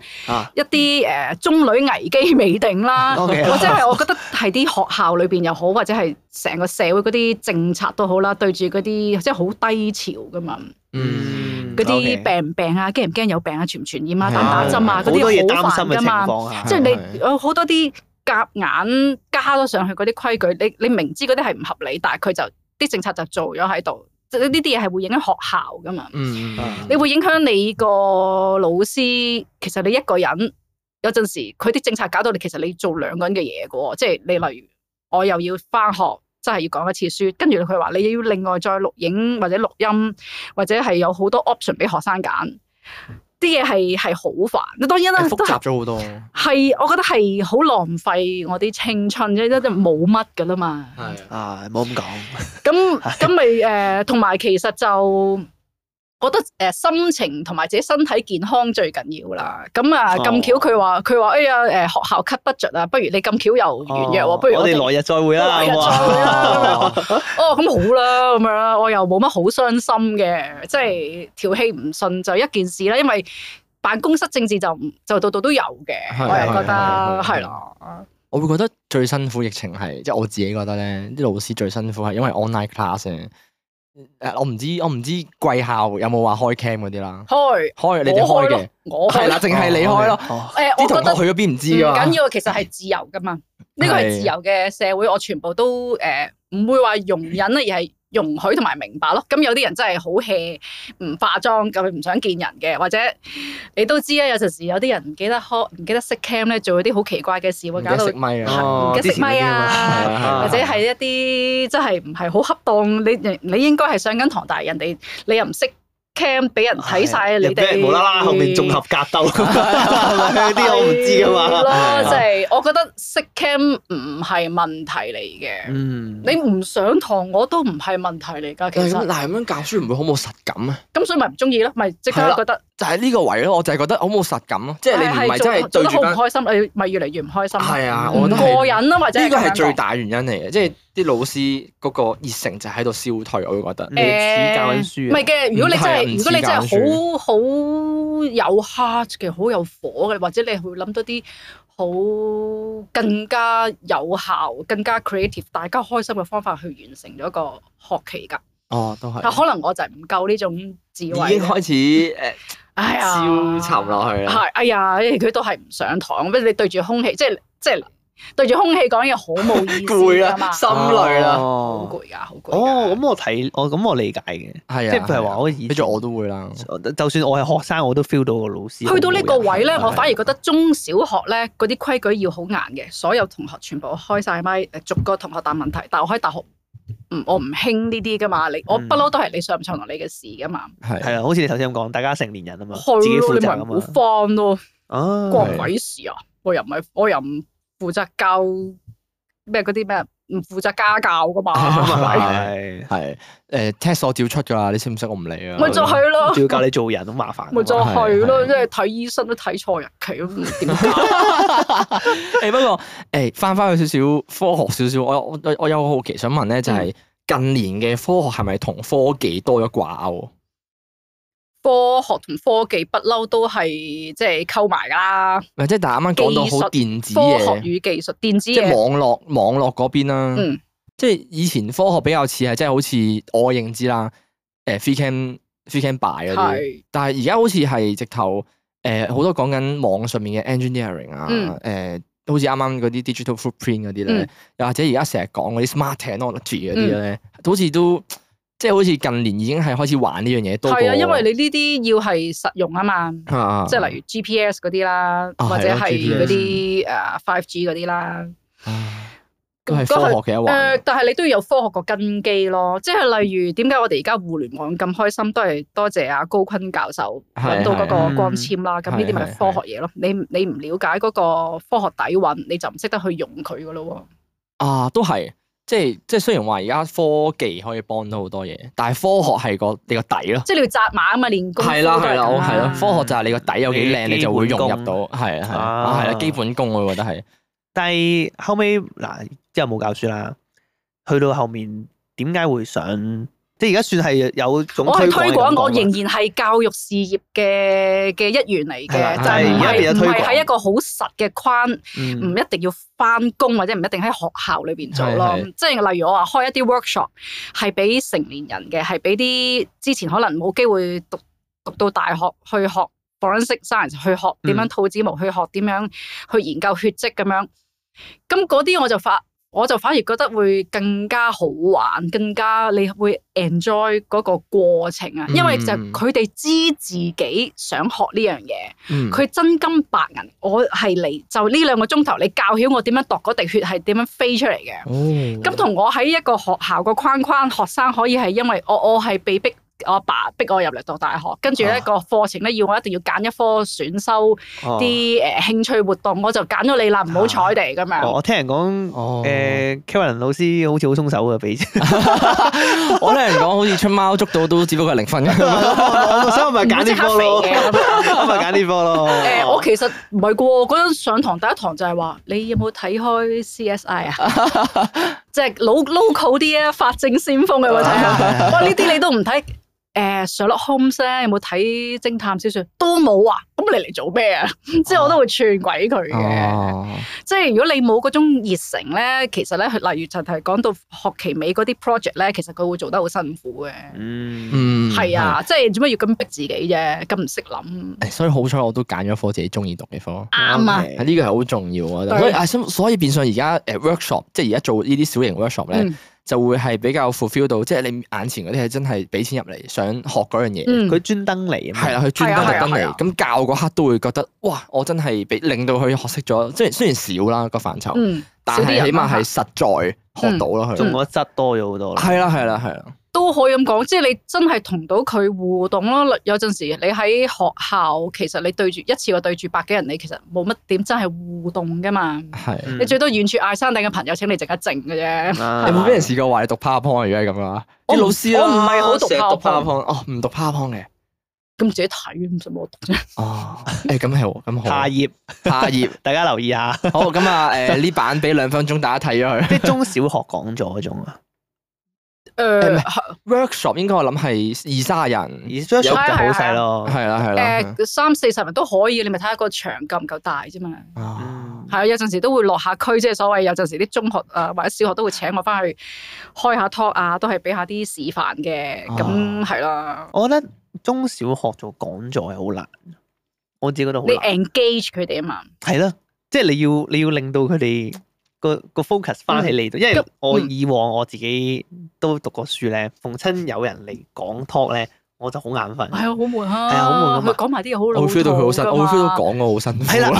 一啲誒中女危機未定啦，或者係我覺得係啲學校裏邊又好，或者係成個社會嗰啲政策都好啦，對住嗰啲即係好低潮噶嘛。嗯。嗰啲病唔病啊，驚唔驚有病啊，傳唔傳染啊，打唔打針啊，嗰啲好煩噶嘛。啊、即係你好多啲夾硬，硬加咗上去嗰啲規矩，你你明知嗰啲係唔合理，但係佢就啲政策就做咗喺度。呢啲嘢係會影響學校噶嘛。你會影響你個老師。其實你一個人有陣時，佢啲政策搞到你，其實你做兩個人嘅嘢嘅喎。即係你例如我又要返學。真係要講一次書，跟住佢話你要另外再錄影或者錄音，或者係有好多 option 俾學生揀，啲嘢係係好煩，當然啦，複雜咗好多。係，我覺得係好浪費我啲青春，啫啫冇乜噶啦嘛。係的啊，冇咁講。咁咁咪誒，同埋，呃、其實就。我覺得誒心情同埋自己身體健康最緊要啦。咁啊咁、哦、哇 巧佢話佢話哎呀誒學校 cut budget 啊，不如你咁巧又完約喎。哦、不如我哋來日再會啦，好唔好啊？哦咁好啦，咁樣啦，我又冇乜好傷心嘅，即係條氣唔順就一件事啦。因為辦公室政治就就到度都，都有嘅，是啊、我又覺得係咯。我會覺得最辛苦疫情係即係我自己覺得咧，啲老師最辛苦係因為 online class 誒、嗯，我唔知，我唔知貴校有冇話開 cam 嗰啲啦，い開你開你哋開嘅，我係啦，淨係你開咯。誒 Okay.、哦，呢台、欸、我覺得同去咗邊唔知啊，緊要，其實係自由噶嘛，呢個係自由嘅社會，我全部都誒唔、呃、唔會話容忍啊，而係。 <laughs> 容許同埋明白咯，咁、嗯、有啲人真係好 hea 唔化妝咁佢唔想見人嘅，或者你都知啦，有陣時有啲人唔記得開，唔記得識 cam 咧，做啲好奇怪嘅事，會搞到唔記得食咪啊， <laughs> 或者係一啲真係唔係好恰當，你你應該係上緊堂，但係人哋你又唔識。cam 俾人睇曬啊！你哋無啦啦後面綜合格鬥，啲我唔知噶嘛。係咯，即係我覺得識 cam 唔係問題嚟嘅。嗯，你唔上堂我都唔係問題嚟㗎。其實嗱，咁樣教書唔會好冇實感咩？咁所以咪唔中意咯，咪即刻覺得。但係呢個位咯，我就係覺得好冇實感咯，係係即係你唔係真係對住。唔開心，你咪越嚟越唔開心。係啊，過啊我都個人咯，或者呢個係最大原因嚟嘅，即係啲老師嗰個熱誠就喺度消退，我覺得。你教緊書。唔係嘅，如果你真係是如果你真係好好有 heart 嘅，好有火嘅，或者你會諗到啲好更加有效、更加 creative、大家開心嘅方法去完成咗個學期㗎。哦，都係。但可能我就係唔夠呢種智慧。已經開始誒，哎呀，消沉落去啦。係，哎呀，佢都係唔上堂，不如你對住空氣，即係即係對住空氣講嘢，好冇意思啊嘛 <laughs> 心累啦，好攰啊，好攰。哦，咁我睇，我咁、嗯嗯、我理解嘅，係啊，即係譬如話，我似、啊，比如我都會啦，就算我係學生，我都 feel 到個老師。去到呢個位咧，我反而覺得中小學咧嗰啲規矩要好硬嘅，所有同學全部開晒咪逐個同學答問、問題，但我喺大學。嗯，我唔興呢啲噶嘛，你我不嬲都係你上唔上落你嘅事噶嘛。係係啦，好似你頭先咁講，大家成年人啊嘛，了自己負責啊嘛，好方咯。啊、關鬼事啊！我又唔係，我又唔負責教咩嗰啲咩。唔負責家教㗎嘛，係係誒 test 我照出㗎喇，你識唔識我唔理啊。咪就係咯，調教你做人都麻煩。咪就係咯，即係睇醫生都睇錯日期咁點啊？不過誒翻翻去少少科學少少，我我我有個好奇想問咧，就係近年嘅科學係咪同科技多咗掛鈎？科學同科技不嬲都係即係溝埋啦。咪即係啱啱講到好電子嘅科學與技術，電子即係網絡網絡嗰邊啦。嗯、即係以前科學比較似係即係好似我認知啦，誒 free can free can buy 嗰啲。Cam, 是但係而家好似係直頭誒好多講緊網上面嘅 engineering 啊、呃，誒好似啱啱嗰啲 digital footprint 嗰啲咧，又、嗯、或者而家成日講嗰啲 smart technology 嗰啲咧，嗯、好似都。即係好似近年已經係開始玩呢樣嘢多。係啊， <noise> 因為你呢啲要係實用啊嘛，啊即係例如 GPS 嗰啲啦，啊、或者係嗰啲誒 5G 嗰啲啦。都係科學嘅一環、呃、但係你都要有科學個根基咯。即係例如點解我哋而家互聯網咁開心，都係多謝阿高錕教授揾到嗰個光纖啦。咁呢啲咪科學嘢咯？係係係係，你你唔了解嗰個科學底蘊，你就唔識得去用佢噶咯。啊，都係。即係即係，雖然話而家科技可以幫到好多嘢，但係科學係個你個底咯。即係你要扎馬啊嘛，練功係啦係啦，我係咯。 <noise> 科學就係你個底有幾靚，你，你就會融入到係啊係啊，係啦，基本功我覺得係。但係後尾，嗱之後冇教書啦，去到後面點解會想？你而家算係有種，我去推廣，我仍然係教育事業嘅嘅一員嚟嘅，的就係唔係喺一個好實嘅框，唔、嗯、一定要翻工或者唔一定喺學校裏邊做咯。的即係例如我話開一啲 workshop，係俾成年人嘅，係俾啲之前可能冇機會讀讀，讀到大學去學 forensic science 去學點樣兔子毛，嗯、去學點樣去研究血跡咁樣，咁嗰啲我就發。我就反而覺得會更加好玩，更加你會 enjoy 嗰個過程啊！因為就佢哋知自己想學呢樣嘢，佢、mm. 真金白銀，我係嚟就呢兩個鐘頭，你教曉我點樣度嗰滴血係點樣飛出嚟嘅。咁同、oh. 我喺一個學校個框框，學生可以係因為我我係被逼。我阿爸逼我入嚟讀大學，跟住咧個課程咧要我一定要揀一科選修啲誒興趣活動，我就揀咗你啦，唔好彩地㗎嘛！我聽人講，誒 Karen 老師好似好鬆手嘅俾，我聽人講好似出貓捉到都只不過係零分咁，所以我咪揀呢科咯，咁咪揀呢科咯。誒，我其實唔係嘅喎，嗰陣上堂第一堂就係話你有冇睇開 CSI 啊？即係老 local 啲啊，法證先鋒嘅。我睇哇！呢啲你都唔睇。誒，Sherlock Holmes 有冇睇偵探小說？都冇啊！咁你嚟做咩啊？即 <laughs> 係我都會串鬼佢嘅。Uh, 即係如果你冇嗰種熱誠咧，其實咧，例如就係講到學期尾嗰啲 project 咧，其實佢會做得好辛苦嘅。嗯，係啊，是即係做乜要咁逼自己啫？咁唔識諗。所以好彩我都揀咗科自己中意讀嘅科。啱啊！呢個係好重要啊。所以阿所以變相而家誒 workshop，即係而家做呢啲小型 workshop 咧，嗯。就會係比較 fulfill 到，即係你眼前嗰啲係真係俾錢入嚟想學嗰樣嘢，佢、嗯、專登嚟啊，啦、啊，佢專登嚟，咁、啊、教嗰刻都會覺得，哇！我真係俾令到佢學識咗，即係雖然少啦個範疇，嗯、但係起碼係實在學到咯，佢、嗯。我質多咗好多。係啦、嗯，係、嗯、啦，係啦。都可以咁講，即係你真係同到佢互動啦。有陣時你喺學校，其實你對住一次話對住百幾人，你其實冇乜點真係互動噶嘛。係你最多遠處嗌山頂嘅朋友，請你靜一靜嘅啫。你冇俾人試過話你讀 PowerPoint 啊？如果係咁啊，啲老師我唔係好讀 PowerPoint 哦，唔讀 PowerPoint 嘅，咁自己睇，唔使我讀啫。哦，咁係喎，咁好，下頁下頁，大家留意下，好，咁啊，誒，呢版俾兩分鐘大家睇咗佢，即中小學講咗嗰種啊。誒 workshop 應該我諗係二三十人，workshop 就好細咯，係啦係啦。誒三四十人都可以，你咪睇下個場夠唔夠大啫嘛。係、嗯、啊，有陣時都會落下區，即係所謂有陣時啲中學啊或者小學都會請我翻去開下 talk 啊，都係俾下啲示範嘅。咁係啦。我覺得中小學做講座係好難，我自己覺得好難。你 engage 佢哋啊嘛？係咯，即係你要你要令到佢哋。個個 focus 翻喺嚟度，因為我以往我自己都讀過書咧，逢親、嗯、有人嚟講 talk 咧，我就好眼瞓。係、哎、啊，好悶啊！係啊，好悶。講埋啲嘢好攬。我會 feel 到佢好辛我會 feel 到講我好辛苦。係啦，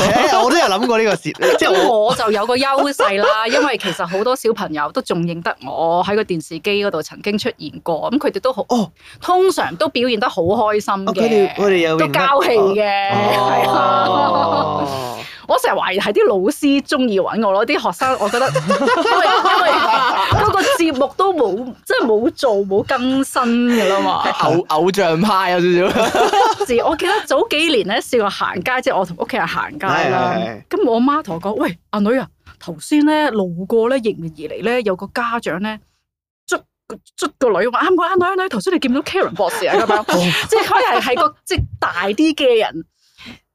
我都有諗過呢個事。即係 <laughs> 我，我就有個優勢啦，因為其實好多小朋友都仲認得我喺個電視機嗰度曾經出現過，咁佢哋都好。哦，通常都表現得好開心嘅。佢哋佢哋有交戲嘅，係啊。我成日懷疑係啲老師中意揾我咯，啲學生我覺得， <laughs> 因為因為嗰個節目都冇，即係冇做冇更新嘅啦嘛。偶、嗯、偶像派有少少。時 <laughs> 我記得早幾年咧試過行街，即係我同屋企人行街啦。咁我阿媽同我講：喂，阿女啊，頭先咧路過咧，迎面而嚟咧，有個家長咧捉捉個女，我話啱個阿女啱女，頭、嗯、先你見唔到 Karen 博士啊？咁樣 <laughs> 即係可能係個即係大啲嘅人。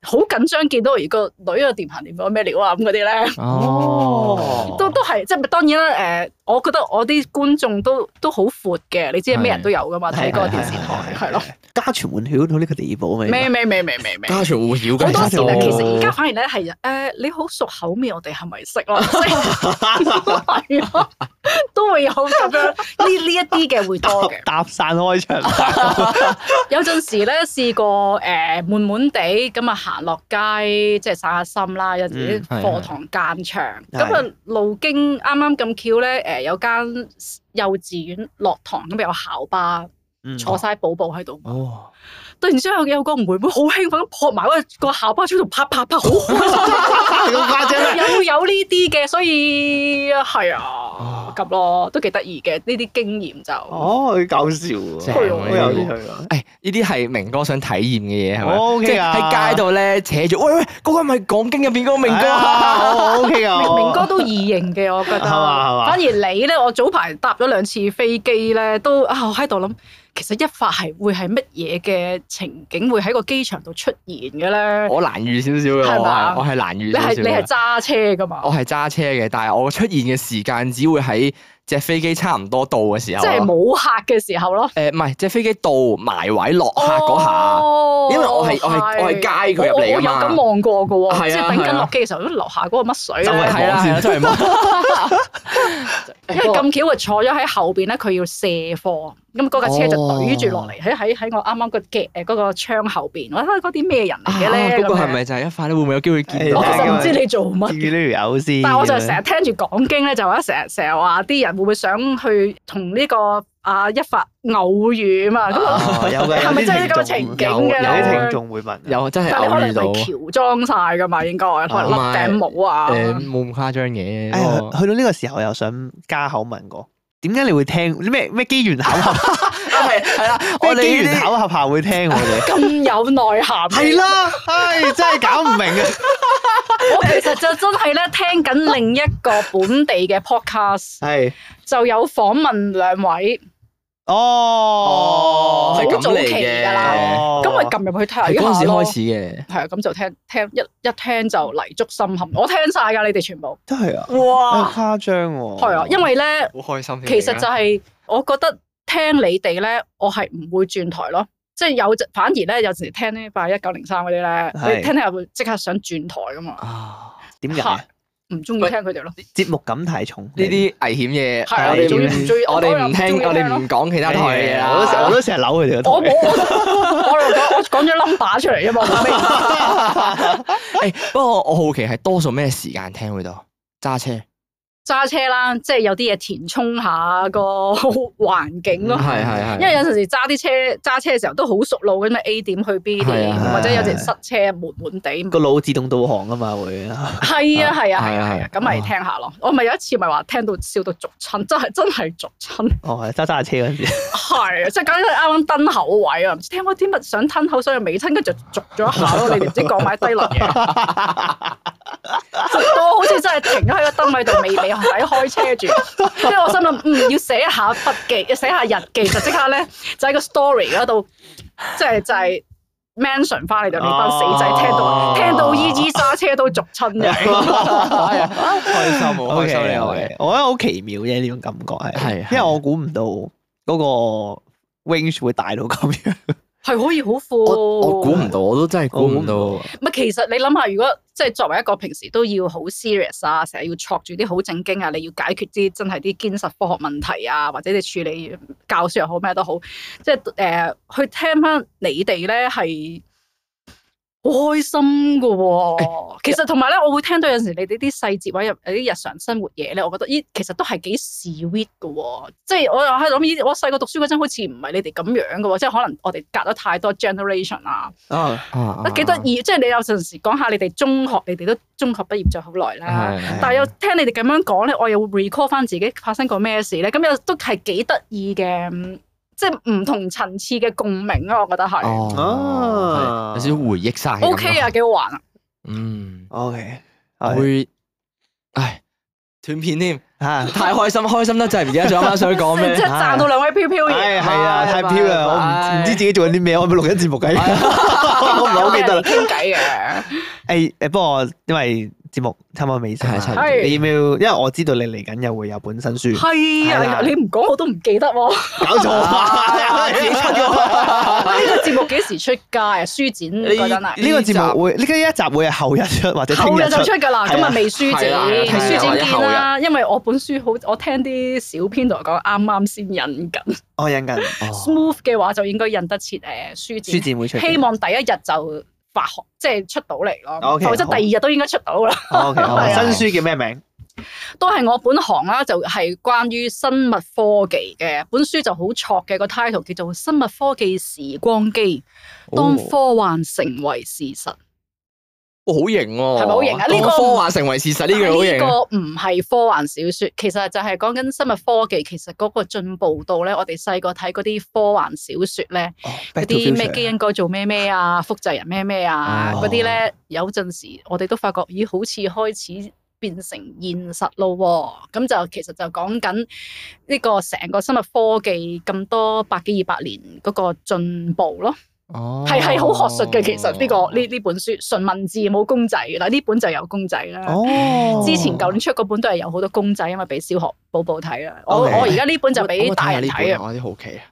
好緊張，見到而個女嘅電屏點樣咩料啊咁嗰啲咧，都都係即係當然啦誒，我覺得我啲觀眾都都好闊嘅，你知咩人都有噶嘛，睇嗰個電視台係咯，家傳戶曉到呢個地步，部咩咩咩咩咩家傳戶曉，好多時咧其實而家反而咧係誒，你好熟口面，我哋係咪識咯？係啊，都會有咁樣呢呢一啲嘅會多嘅，搭訕開場，有陣時咧試過誒悶悶地咁啊～行落街即係散下心啦，有時啲課堂間場，咁啊、嗯、路經啱啱咁巧咧，誒有間幼稚園落堂咁，咪有校巴坐晒寶寶喺度。哇！哦、突然之間有個妹妹好興奮咁撲埋個個校巴車度，啪啪啪，好好。咁誇張咧？有有呢啲嘅，所以係啊。哦咁咯，都幾得意嘅，呢啲經驗就哦，好搞笑啊！好有趣啊面，呢啲係明哥想體驗嘅嘢係咪？我 OK 啊！喺、即係、街度咧扯住，喂喂，嗰、那個係咪講經入邊嗰個明哥 OK 啊！明哥都異形嘅，我覺得係嘛，係嘛。 <laughs> 反而你咧，我早排搭咗兩次飛機咧，都啊喺度諗。其實一發係會係乜嘢嘅情景會喺個機場度出現嘅咧？我難遇少少嘅，我係我係難遇少少。你係你係揸車噶嘛？我係揸車嘅，但係我出現嘅時間只會喺。隻飛機差唔多到嘅時候，即係冇客嘅時候咯。誒，唔係，隻飛機到埋位落客嗰下，因為我係我係我係街佢入嚟我有咁望過嘅喎，即係等緊落機嘅時候，都落下嗰個乜水啊！因為咁巧佢坐咗喺後邊咧，佢要卸貨，咁嗰架車就懟住落嚟喺喺喺我啱啱個嘅誒嗰個窗後邊。哇，嗰啲咩人嚟嘅咧？嗰個係咪就係一發咧？你會唔會有機會見？我就唔知你做乜嘅條友先，但係我就成日聽住講經咧，就話成日成日話啲人。會唔會想去同呢、這個阿、啊、一發偶遇啊嘛？係、那、咪、個啊、真係呢個情，情景嘅有啲聽眾會問，有真係偶遇到。可能係喬裝晒㗎嘛，應該可能笠頂帽啊。誒冇咁誇張嘅。哎、過去到呢個時候又想加口問個，點解你會聽咩咩機緣巧合？ <laughs> 係係啦，啲議員考核下會聽我哋。咁有內涵。係啦，唉，真係搞唔明啊！我其實就真係咧聽緊另一個本地嘅 podcast，係就有訪問兩位。哦，咁早期噶啦，咁我撳入去睇下咯。開始嘅係啊，咁就聽聽一一聽就泥足深陷，我聽晒噶，你哋全部。真係啊！哇，誇張喎！係啊，因為咧，好開心。其實就係我覺得。聽你哋咧，我係唔會轉台咯。即係有，反而咧有時聽呢八一九零三嗰啲咧，你聽聽下會即刻想轉台噶嘛？點解？唔中意聽佢哋咯。節目感太重，呢啲危險嘢，我哋唔聽，我哋唔講其他台嘢啦。我都成日扭佢哋。我我我講咗 number 出嚟啊嘛！不過我好奇係多數咩時間聽佢度？揸車。揸車啦，即係有啲嘢填充下個環境咯。係係係，係係係因為有陣時揸啲車揸車嘅時候都好熟路，嘅咩 A 點去 B 點，係係係係或者有時塞車悶悶地。個腦自動導航啊嘛，會。係啊係啊係啊係啊，咁咪聽下咯。哦、我咪有一次咪話聽到笑到俗親，真係真係俗親。哦，揸揸下車嗰陣時。係 <laughs> 啊，即係講緊啱啱吞口位啊，唔知聽開啲乜想吞口，所以未吞嘅就俗咗一下咯。 <laughs> 你哋唔知講埋低落嘢，俗到好似真係停咗喺個燈位度未俾，唔使開車住，即係我心諗，嗯，要寫一下筆記，要寫下日記，就即刻咧，就喺個 story 嗰度，即係就係 mention 翻嚟，就你班死仔聽到，聽到依依剎車都逐親嘅，開心，開心嚟我覺得好奇妙啫，呢種感覺係，因為我估唔到嗰個 range 會大到咁樣。係可以好闊，我估唔到，我都真係估唔到。唔係不，其實你諗下，如果即係作為一個平時都要好 serious 啊，成日要捉住啲好正經啊，你要解決啲真係啲堅實科學問題啊，或者你處理教書又好咩都好，即係誒、呃、去聽翻你哋咧係。好開心嘅喎、啊，哎、其實同埋咧，我會聽到有陣時你哋啲細節位，或者一啲日常生活嘢咧，我覺得依其實都係幾 sweet 嘅喎、啊。即、就、係、是、我又係諗依，我細個讀書嗰陣好似唔係你哋咁樣嘅喎、啊，即、就、係、是、可能我哋隔咗太多 generation 啦。啊啊，幾得意！即係你有陣時講下你哋中學，你哋都中學畢業咗好耐啦。Oh, oh, oh, oh, oh. 但係又聽你哋咁樣講咧，我又會 recall 翻自己發生過咩事咧。咁又都係幾得意嘅。即係唔同層次嘅共鳴啊，我覺得係哦，有少少回憶晒。O K 啊，幾好玩啊！嗯，O K，會唉，斷片添吓，太開心，開心得滯，唔記得咗，啱啱想講咩？即係賺到兩位飄飄然，係啊，太飄啦，我唔唔知自己做緊啲咩，我唔係錄音節目計，唔係好記得啦。傾偈嘅，誒誒，不過因為。節目差唔多未曬，李苗，因為我知道你嚟緊又會有本新書，係啊，你唔講我都唔記得喎，搞錯啊！呢個節目幾時出街啊？書展嗰陣啊？呢個節目會呢？一集會係後日出或者後日就出㗎啦，咁啊未書展，書展見啦。因為我本書好，我聽啲小編同我講，啱啱先印緊，我印緊。Smooth 嘅話就應該印得切誒書展，書展會出。希望第一日就。即係出到嚟咯，okay，或者第二日都應該出到啦好、 <laughs> okay。新書叫咩名？ <laughs> 都係我本行啦，就係、是、關於生物科技嘅本書就好錯嘅個 title 叫做《生物科技時光機》，當科幻成為事實。Oh. 好型喎，係咪好型啊？呢、啊呢個科幻成為事實呢句好型，啊。呢個唔係科幻小說，其實就係講緊生物科技。其實嗰個進步度咧，我哋細個睇嗰啲科幻小說咧，嗰啲咩基因改造咩咩啊，複製人咩咩啊，嗰啲咧有陣時我哋都發覺咦，好似開始變成現實咯。咁就其實就講緊呢個成個生物科技咁多百幾二百年嗰個進步咯。係係好學術嘅，其實呢、呢個呢呢本書純文字冇公仔嗱，呢本就有公仔啦。哦，之前舊年出嗰本都係有好多公仔，因為俾小學寶寶睇啦。我我而家呢本就俾大人睇啊！我啲好奇啊！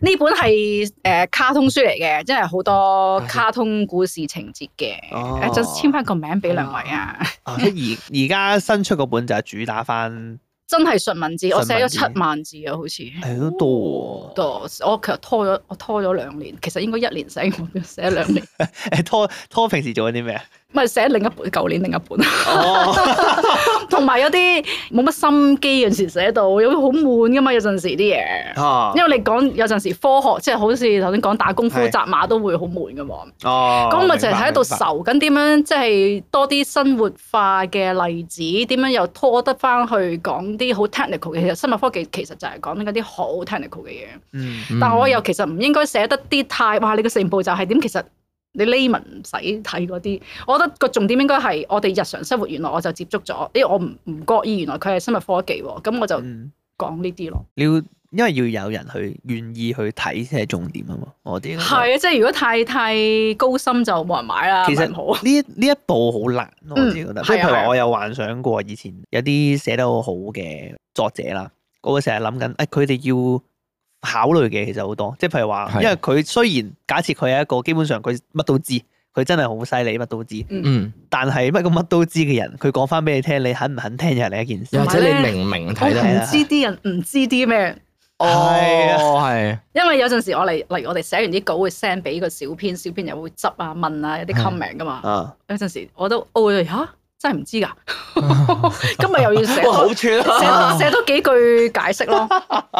呢本係誒、呃、卡通書嚟嘅，即係好多卡通故事情節嘅，誒就簽翻個名俾兩位啊。而而家新出嗰本就係主打翻。真係純文字，文字我寫咗七萬字啊，好似係都多喎。多，我其實拖咗，我拖咗兩年，其實應該一年寫，我寫兩年。誒， <laughs> <laughs> 拖拖平時做緊啲咩啊？唔係寫另一本舊年另一本，同埋、oh. <laughs> 有啲冇乜心機嗰陣時寫到有好悶噶嘛，有陣時啲嘢，oh. 因為你講有陣時科學，即係好似頭先講打功夫扎是馬都會好悶噶嘛，咁咪、oh, 就係喺度愁緊點樣，即係多啲生活化嘅例子，點樣又拖得翻去講啲好 technical 嘅。其實生物科技其實就係講緊啲好 technical 嘅嘢，mm. 但我又其實唔應該寫得啲太哇你個成部就係點其實。你匿文唔使睇嗰啲，我覺得個重點應該係我哋日常生活原來我就接觸咗，因、欸、為我唔唔覺意原來佢係生物科技喎，咁我就講呢啲咯。你、嗯、因為要有人去願意去睇先係重點啊嘛，我啲係啊，即係如果太太高深就冇人買啦，唔實好。呢呢一,一步好難，我自己覺得。即係、嗯、譬如我有幻想過以前有啲寫得好嘅作者啦，我會成日諗緊，誒佢哋要。考慮嘅其實好多，即係譬如話，因為佢雖然假設佢係一個基本上佢乜都知，佢真係好犀利乜都知，嗯、但係乜個乜都知嘅人，佢講翻俾你聽，你肯唔肯聽又係另一件事，或者你明唔明睇得唔知啲人唔知啲咩，係啊，係、哦。啊、因為有陣時我嚟，例如我哋寫完啲稿會 send 俾個小編，小編又會執啊問啊，有啲 comment 噶嘛、啊。有陣時我都哦、哎、呀。真係唔知㗎，今日又要寫多寫多幾句解釋咯。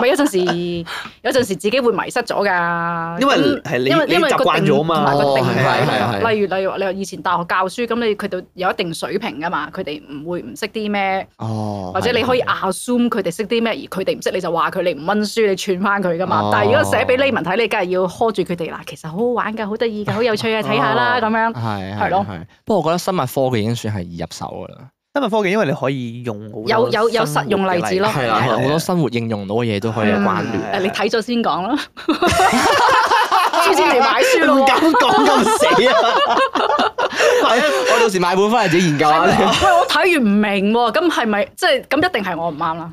咪有陣時有陣時自己會迷失咗㗎。因為係你你習慣咗嘛。例如例如你話以前大學教書，咁你佢哋有一定水平㗎嘛，佢哋唔會唔識啲咩。或者你可以 assume 佢哋識啲咩，而佢哋唔識，你就話佢你唔溫書，你串翻佢㗎嘛。但係如果寫俾 layman 睇，你梗係要 hold 住佢哋嗱，其實好好玩㗎，好得意㗎，好有趣嘅，睇下啦咁樣。係係。係咯。不過我覺得生物科嘅已經算係易入手噶啦，因為科技，因為你可以用有有有實用例子咯，好多生活應用到嘅嘢都可以有關聯。誒，你睇咗先講啦，書展你買書咯，唔敢講咁死啊！我到時買本翻嚟自己研究下先。喂，我睇完唔明喎，咁係咪即係咁一定係我唔啱啦？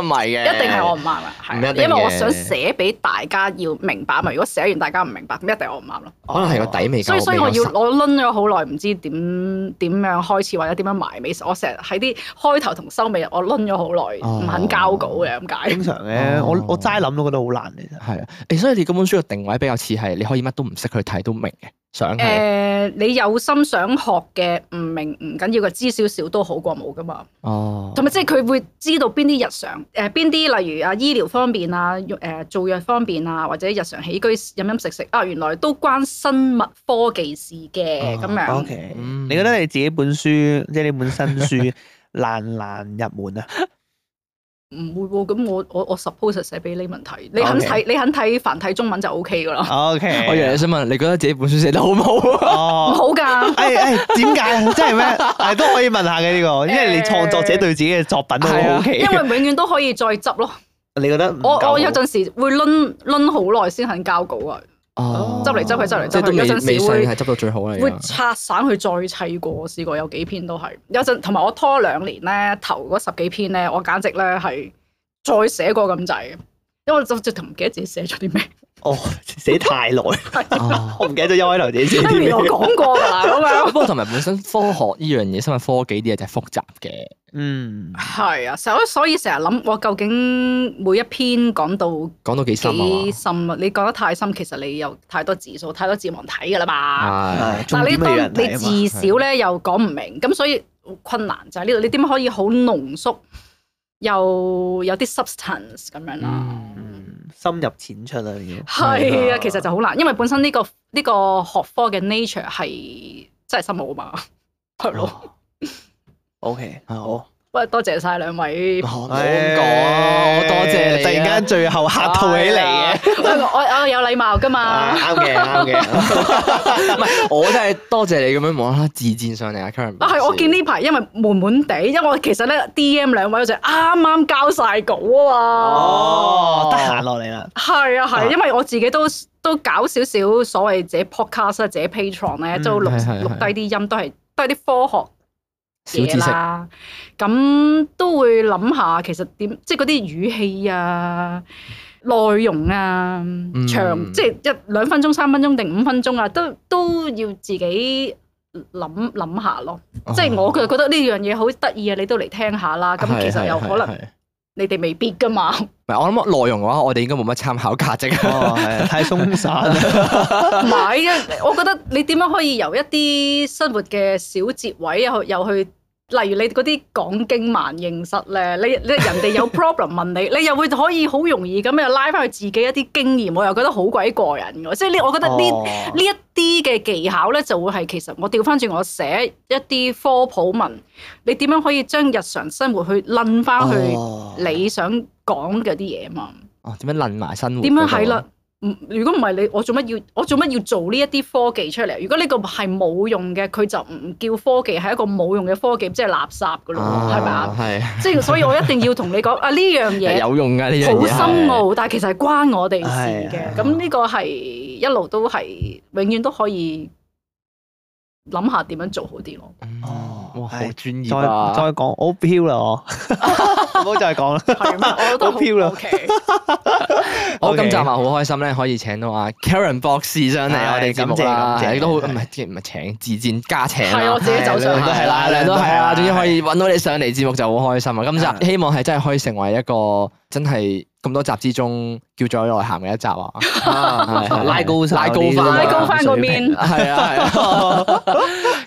唔係嘅， <laughs> 的一定係我唔啱啦。唔一定嘅，因為我想寫俾大家要明白啊嘛。如果寫完大家唔明白，咁一定我唔啱咯。哦、可能係個底味，所以所以我要我掄咗好耐，唔知點點樣開始或者點樣埋尾。我成日喺啲開頭同收尾，我掄咗好耐，唔、哦、肯交稿嘅咁解。正常嘅、哦，我我齋諗都覺得好難，其實係啊。所以你嗰本書嘅定位比較似係，你可以乜都唔識去睇都明嘅。誒、呃，你有心想學嘅唔明唔緊要，嘅知少少都好過冇噶嘛。哦，同埋即係佢會知道邊啲日常，誒邊啲例如啊醫療方面啊，誒、呃、做藥方面啊，或者日常起居飲飲食食啊，原來都關生物科技事嘅咁、哦、樣。O Okay . K，、嗯、你覺得你自己本書即係你本新書難難入門啊？ <laughs> <laughs> 唔會喎，咁我我我 suppose 寫俾李文睇，你肯睇 Okay. 你肯睇繁體中文就 O K 噶啦。O Okay . K，我以為你想問你覺得自己本書寫得好唔好啊？唔、oh. 好㗎。誒誒、哎，點、哎、解？即係咩？但誒都可以問下嘅呢個，因為你創作者對自己嘅作品都好好奇、哎。因為永遠都可以再執咯。你覺得我？我我有陣時會攆攆好耐先肯交稿啊。哦，執嚟執去，執嚟執去，沒有陣時係執到最好嘅、啊。會拆散佢再砌過。試過有幾篇都係有陣，同埋我拖兩年咧，頭嗰十幾篇咧，我簡直咧係再寫過咁滯，因為我就直頭唔記得自己寫咗啲咩。哦，死太耐， <laughs> <laughs> 我唔記得咗一位頭自先。我原來講過啦，咁樣。不過同埋本身科學呢樣嘢，生物科技啲嘢就係複雜嘅。嗯，係啊，成所以成日諗，我究竟每一篇講到講到幾深，到幾深啊？深啊！你講得太深，其實你有太多字數，太多字望睇噶啦嘛。啊、但係你當你至少咧又講唔明，咁所以困難就喺呢度。你點可以好濃縮？又有啲 substance 咁、嗯、樣啦、嗯，深入淺出啦，已經的。係啊的，其實就好難，因為本身呢、呢個呢、呢個學科嘅 nature 係真係深奧啊嘛，係咯，OK 啊好。不，多謝晒兩位。講講，我多謝。突然間，最後客套起嚟嘅。我我有禮貌噶嘛？啱嘅，啱嘅。唔係，我真係多謝你咁樣望下自薦上嚟啊啊，係，我見呢排因為悶悶地，因為我其實咧 DM 兩位就啱啱交晒稿啊哦，得閒落嚟啦。係啊，係，因為我自己都都搞少少所謂自己 podcast 自己 Patreon 咧，就錄錄低啲音，都係都係啲科學。嘢啦，咁、啊、都會諗下，其實點即係啲語氣啊、內容啊、長、嗯、即係一兩分鐘、三分鐘定五分鐘啊，都都要自己諗諗下咯。哦、即係我其實覺得呢樣嘢好得意啊，你都嚟聽下啦。咁、哦、其實又可能、嗯。你哋未必噶嘛？唔係我諗內容嘅話，我哋應該冇乜參考價值啊、 <laughs> 哦，太鬆散啦。唔係啊，我覺得你點樣可以由一啲生活嘅小節位又又去。例如你嗰啲講經盲認識咧，你你人哋有 problem 問你，你又會可以好容易咁樣拉翻去自己一啲經驗，我又覺得好鬼過癮㗎，即係呢，我覺得呢呢一啲嘅技巧咧，就會係其實我調翻轉我寫一啲科普文，你點樣可以將日常生活去論翻去你想講嘅啲嘢啊嘛？哦，點樣論埋生活？點樣係啦？如果唔係你，我做乜要？我做乜要做呢一啲科技出嚟？如果呢個係冇用嘅，佢就唔叫科技，係一個冇用嘅科技，即、就、係、係、垃圾噶咯，係咪啊？係。即 <noise> 係 <noise> 所以我一定要同你講啊！呢樣嘢。有用噶呢樣嘢。好深奧，啊、但係其實係關我哋事嘅。咁呢、啊啊、個係一路都係永遠都可以諗下點樣做好啲咯、嗯。哦，好專業再、啊、講， <noise> 我飄啦，我唔好再講啦。係 <noise> 咩？我飄啦。我今集咪好開心咧，可以請到啊。Karen 博士上嚟我哋節目啊，啦，其實亦都好唔係唔係請自薦加請，係我自己走上都係啦，都係啊，總之可以揾到你上嚟節目就好開心啊！今集希望係真係可以成為一個真係咁多集之中叫做內涵嘅一集啊，拉高手、拉高翻、拉高翻個面，係啊！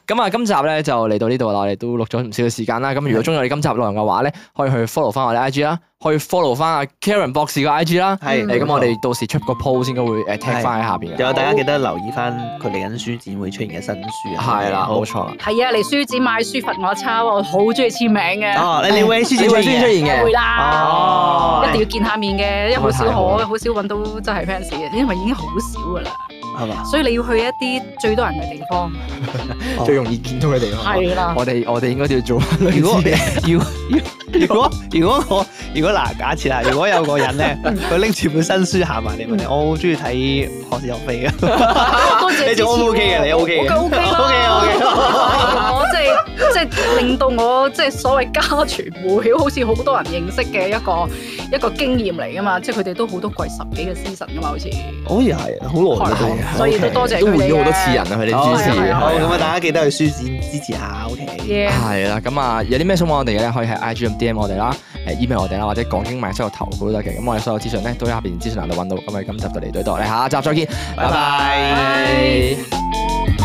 咁啊，今集咧就嚟到呢度啦，我哋都錄咗唔少嘅時間啦。咁如果中意我哋今集內容嘅話咧，可以去 follow 翻我哋 IG 啦，可以 follow 翻啊 Karen 博士嘅 IG 啦。咁我哋到時出個 post 先，會誒 tag 翻喺下面。又大家記得留意翻佢嚟緊書展會出現嘅新書啊。係啦，冇錯啦。係啊，嚟書展買書罰我抄，我好中意簽名嘅。哦，你會喺書展會出現嘅？會啦，一定要見下面嘅，因為好少，好，好少揾到真係 fans 嘅，因為已經好少噶啦。所以你要去一啲最多人嘅地方，最容易見到嘅地方。係啦，我哋我哋應該都要做。如果要要，如果如果我如果嗱，假設啦，如果有個人咧，佢拎住本新書行埋嚟，我好中意睇學士有飛嘅。你都 OK 嘅，你 OK 嘅，OK OK 我即係即係令到我即係所謂家傳戶曉，好似好多人認識嘅一個一個經驗嚟㗎嘛，即係佢哋都好多貴十幾嘅詩神㗎嘛，好似。好似係，好耐都所以都多謝都換咗好多次人啦，佢哋主持。好咁啊，大家記得去書展支持下 O K。係啦，咁啊，有啲咩想問我哋嘅，可以喺 I G M D M 我哋啦，誒、呃、email 我哋啦，或者講經買出個頭都得嘅。咁我哋所有資訊咧都喺下邊資訊欄度揾到。咁我哋今集就嚟到度，我哋下集再見，Bye 拜拜。Bye. <music>